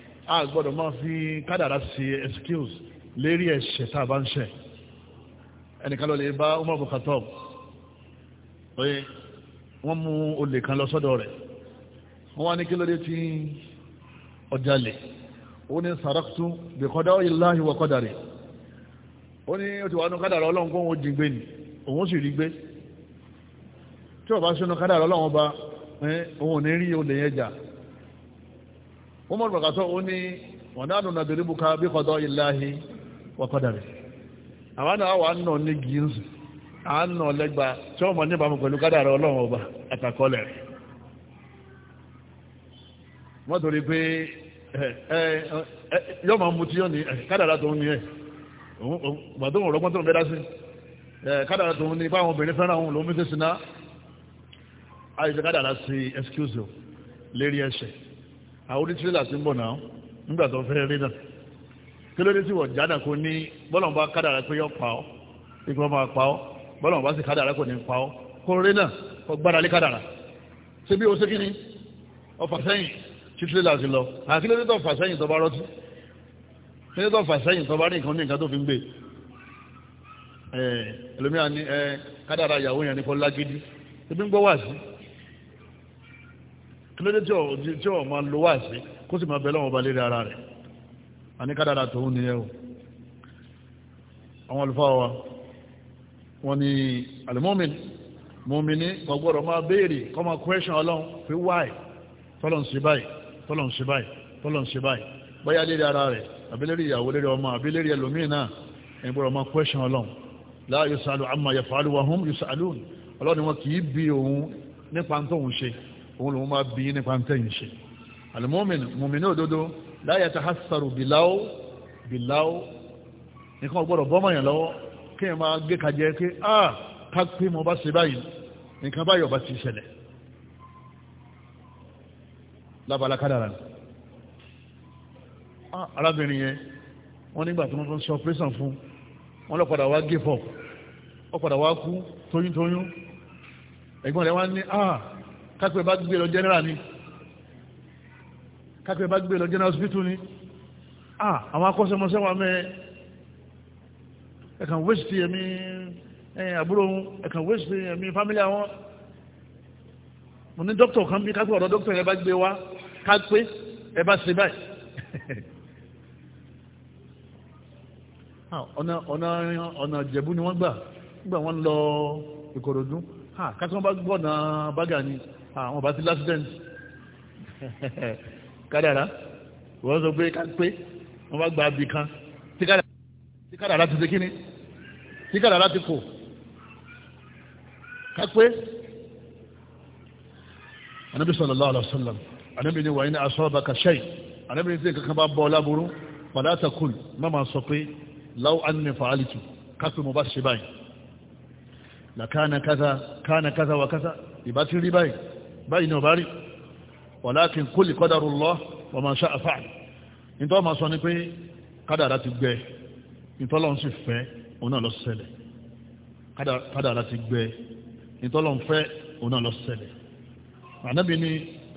a gbọ́dọ̀ máa fi kádàrá sí excuse lérí ẹ̀ṣẹ̀ tá a bá ń ṣẹ̀ ẹnìkan lọ lè bá Umar Khattab oye wọ́n mú olè kan lọ sọ́dọ̀ rẹ̀ wọ́n wá ní kí lóde tí ọjà lè ó ní sàrọ́kùtù bi qada'i Allahi wa qadari ó ní ó ti wà nù kádàrá ọlọ́run kó wọn jìngbé ni òun sì rí gbé tí ọba sínú kádàrá ọlọ́run ọba òun ò ní rí olè yẹn jà umar bakaso ó ní ọ̀nàdù nàbẹ̀rẹ̀bùka bí ilahi ìláhí wọ́kọ̀dàrí àwọn náà wà nọ ní gíńsì à legba nọ lẹ́gba tí wọ́n mọ̀ níbàmù pẹ̀lú ọba àtàkọlẹ̀ rẹ̀ wọ́n torí pé yọ́ yọ ma tí yọ́ kádàrà tó ń tó ń bẹ́dá sí kádàrà tó ń báwọn obìnrin fẹ́ràn kádàrà àwọn onítìrẹ́là ti ń bọ̀ náà nígbà tó fẹ́ rí náà kí ló dé tí wọ́n jáde kó ní bọ́lọ̀n bá kádà rẹ pé yọ pa ọ́ ikú ọmọ pa ọ́ bọ́lọ̀n bá sì kádà rẹ kò ní pa ọ́ kó rí náà kó gbára lé kádà rà ṣé bí o ṣe kí ni ọfà sẹ́yìn títìrẹ́là ti lọ àti ló dé tó fà sẹ́yìn tó bá rọ́tí kí ló dé tó fà sẹ́yìn tó bá rí nǹkan ní nǹkan tó fi ń gbé ẹlòmíràn ní kádà rà ìyàwó yẹn kí ló dé tí ọ̀ máa lo wá sí kó sì máa bẹ lọ́wọ́ ọba lérí ara rẹ̀ àníkádàdà tòun nìyẹn o àwọn àlùfáà wa wọ́n ní alimọ́mìn mọ́mìnì gbọ́gbọ́rọ̀ máa béèrè kọ́ máa kwẹ́ṣàn ọlọ́run fi wáì tọ́lọ̀n sí báyìí tọ́lọ̀n sí báyìí tọ́lọ̀n sí báyìí báyà lérí ara rẹ̀ àbílérí ìyàwó lérí ọmọ àbílérí ẹlòmíì náà ẹgbọ́rọ̀ máa kwẹ́ṣàn ọlọ́run la yusalu amma yafalu wa hum yusalun ọlọ́run wọn kì í bi òun nípa tóun ṣe òun lòun máa bí nípa ń tẹ̀yìn ṣe àlùmọ́mìn mùmìnì òdodo láyé ta ha sàrò bìláwó bìláwó nìkan gbọ́dọ̀ bọ́mọ̀ yẹn lọ́wọ́ kí ẹ máa gbé kajẹ́ pé a ah, ká pé mo bá ṣe báyìí nǹkan báyìí ọba ti ṣẹlẹ̀ lábala kádàrà ni ah, arábìnrin yẹn wọ́n nígbà tí wọ́n tún ṣe operation fún wọ́n lọ wá give up ó wá kú tóyúntóyún ẹ̀gbọ́n rẹ̀ wá ní ah, kápẹ́ bá gbé lọ general ni kápẹ́ bá gbé lọ general hospital ni ah àwọn akọ́ṣẹ́mọṣẹ́ wa mẹ́ ẹ̀kàn wéṣìtì ẹ̀mí àbúrò ohun ẹ̀kàn wéṣìtì ẹ̀mí fámílì àwọn mo ní doctor. kan bí kápẹ́ ọ̀dọ̀ dókítà yẹn bá wa. wá kápẹ́ ẹ bá ṣe báyìí ọ̀nà ọ̀nà ọ̀nà ìjẹ̀bú ni wọ́n gbà nígbà wọ́n lọ ìkòròdú kápẹ́ wọ́n bá gbọ́ ọ̀nà bágà ni àwọn ah, ọba ti lásìdẹ̀ǹt kádàrá wọ́n sọ pé ká pé wọ́n bá gba abì kan tí kádàrá ti ṣe kíni tí kádàrá ti kò ká pé anabi sallallahu alaihi wasallam anabi ni wa ina asabaka shay anabi ni zai kankan ba bọ́ láburú fala taqul mama sọ pé law anni fa'altu kafin mu ba shi báyìí la kana kaza kana kaza wa kaza ìbá ti rí báyìí báyìí ni ọba rí walakin kulli qadarullah wa ma sha'a fa'al nítorí ọmọ sọ ni pé kádàrá ti gbẹ nítorí ọ̀hún sì fẹ́ òun náà lọ ṣẹlẹ̀ kádàrá ti gbẹ nítorí ọ̀hún fẹ́ òun náà lọ ṣẹlẹ̀ ànábì ni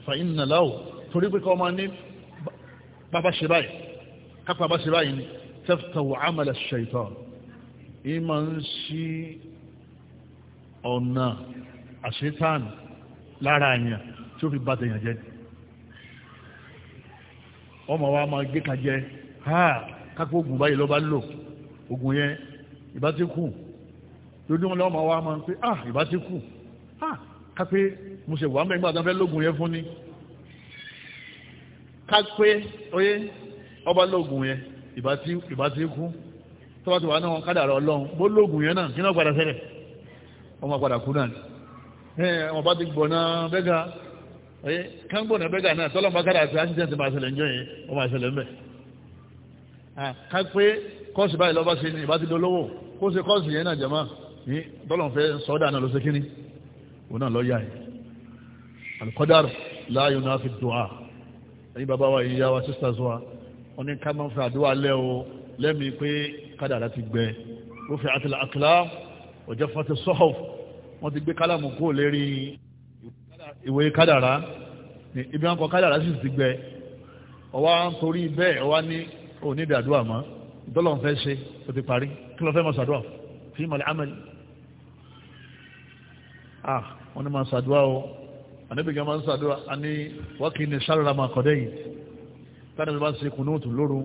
fàyín nà láwò torí pé kọ́ ọmọ ní bàbá ṣe báyìí kápá bá ṣe báyìí ni taftahu amal ash-shaytan ọ̀nà àṣetáàni lára àyàn tí ó fi bá tèèyàn jẹ́ ọmọ wa máa gbé kan ha kápẹ́ oògùn báyìí lọ́ba lò oògùn yẹn ìbá ti kù lójú wọn lọ́mọ wa máa ń pè ah ìbá ti kù ah kápẹ́ mo ṣe wà mẹ́gbàá tó fẹ́ lóògùn yẹn fún ni ká pé oyé ọba lóògùn yẹn ìbá tí ìbá tí kú tọ́wọ́ tí wà náà kádàrà ọlọ́run bó lóògùn yẹn náà kí náà padà ṣẹlẹ̀ ọmọ padà kú náà wọn bá ti gbọ̀nà bẹ́gà ọ̀yẹ́ kángbọ̀nà bẹ́gà náà tọ́lọ́mọ kára àti àṣìṣẹ́ntì máa ṣẹlẹ̀ ńjọ́ yẹn wọ́n máa ṣẹlẹ̀ mẹ́ ká pé kọ́ọ̀sì báyìí lọ́ba ṣe ni ìbá ti dolówó kó ṣe kọ́ọ̀sì yẹn náà jẹ̀mọ́ ní tọ́lọ́n fẹ́ sọ́dà náà ló ṣe kíní òun náà lọ́ọ́yà yìí alikọ́dàrú láàyò náà fi dùn á ẹ̀yin bàbá wa wọ́n ti gbé kálámù kó lérí ìwé kádàrá ibi wọn kọ kádàrá sì ti gbẹ ọwọ́ à ń torí bẹ́ẹ̀ ọwọ́ ní onídàádúrà mọ́ ìtọ́lọ̀ ń fẹ́ ṣe ó ti parí kí ló fẹ́ mọ̀ sàdúrà fi mọ̀lẹ́ amẹ́lì ah wọ́n ní máa sàdúrà o àníbìgá máa ń sàdúrà a ní wákì ní sàrọ̀lá máa kọ̀dẹ́ yìí tánàbí bá ṣe kùnúùtù lóru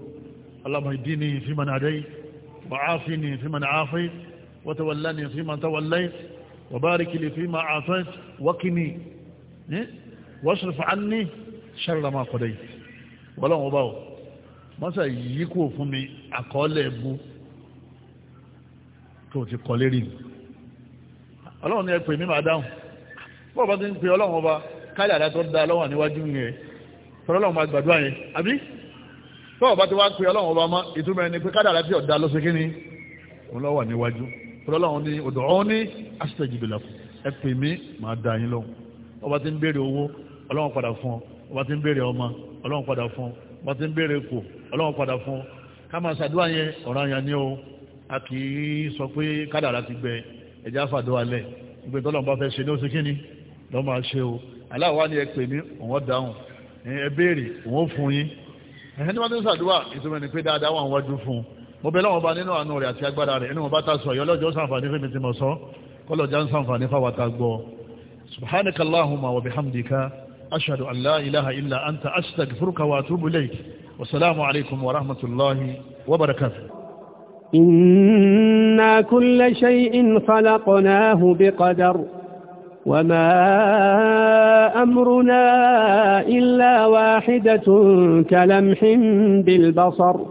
اللهم اهدني فيمن هديت وبارك لي فيما عافيت وقني واصرف عني شر ما قضيت ọlọ́run ọba ò mọ́sà yìí kò fún mi àkọọ́lẹ̀ ẹ̀bú tó ti kọ lérí mi ọlọ́run ni ẹ pè mí máa dáhùn bọ́ọ̀ bá ti ń pe ọlọ́run ọba káyà àdá tó da lọ́wọ́ níwájú yẹn tọ́lọ́ ọlọ́run máa gbàdúrà yẹn àbí bọ́ọ̀ bá ti wá pe ọlọ́run ọba mọ́ ìtumọ̀ ẹni pé káyà àdá tí ọ̀dà ló ṣe kí ni òun lọ́wọ́ níwájú tọ́lọ́ ọlọ́run ni òdò ọ̀hún ní aṣíṣẹ́jì bìlà kù ẹ pè mí màá da yín lọ ọba tí ń béèrè owó ọlọ́run padà fún ọ ọba tí ń béèrè ọmọ ọlọ́run padà fún ọ ọba tí ń béèrè kò ọlọ́run padà fún ọ ká máa ṣàdúrà yẹn ọ̀ràn yẹn ni ó a kì í sọ pé kádàrà ti gbẹ ẹ̀já fàdúrà lẹ̀ ìgbé tọ́lọ́run bá fẹ́ ṣe ní oṣù kínní lọ́ máa ṣe o aláwa ni ẹ pè mí òun dáhùn ẹ béèrè òun fún yín ẹ̀hẹ́ ni wọ́n ti ń ṣàdúrà ìtumọ̀ ni pé dáadáa wà wájú fún un mo bẹ lọ́wọ́ bá nínú àánú rẹ̀ àti agbára rẹ̀ inú wọn bá ta sọ ìyọ́lọ́jọ́ sàǹfààní fún mi ti mọ̀ sọ́ kọ́lọ̀já ń sànfàní fáwàtà gbọ́ subhanaka allahumma wa bihamdika ashhadu an la ilaha illa anta astaghfiruka wa atubu ilayk wa salaamu alaykum wa rahmatullahi wa barakatuh inna kulla shay'in khalaqnahu biqadar وما أمرنا إلا واحدة كلمح بالبصر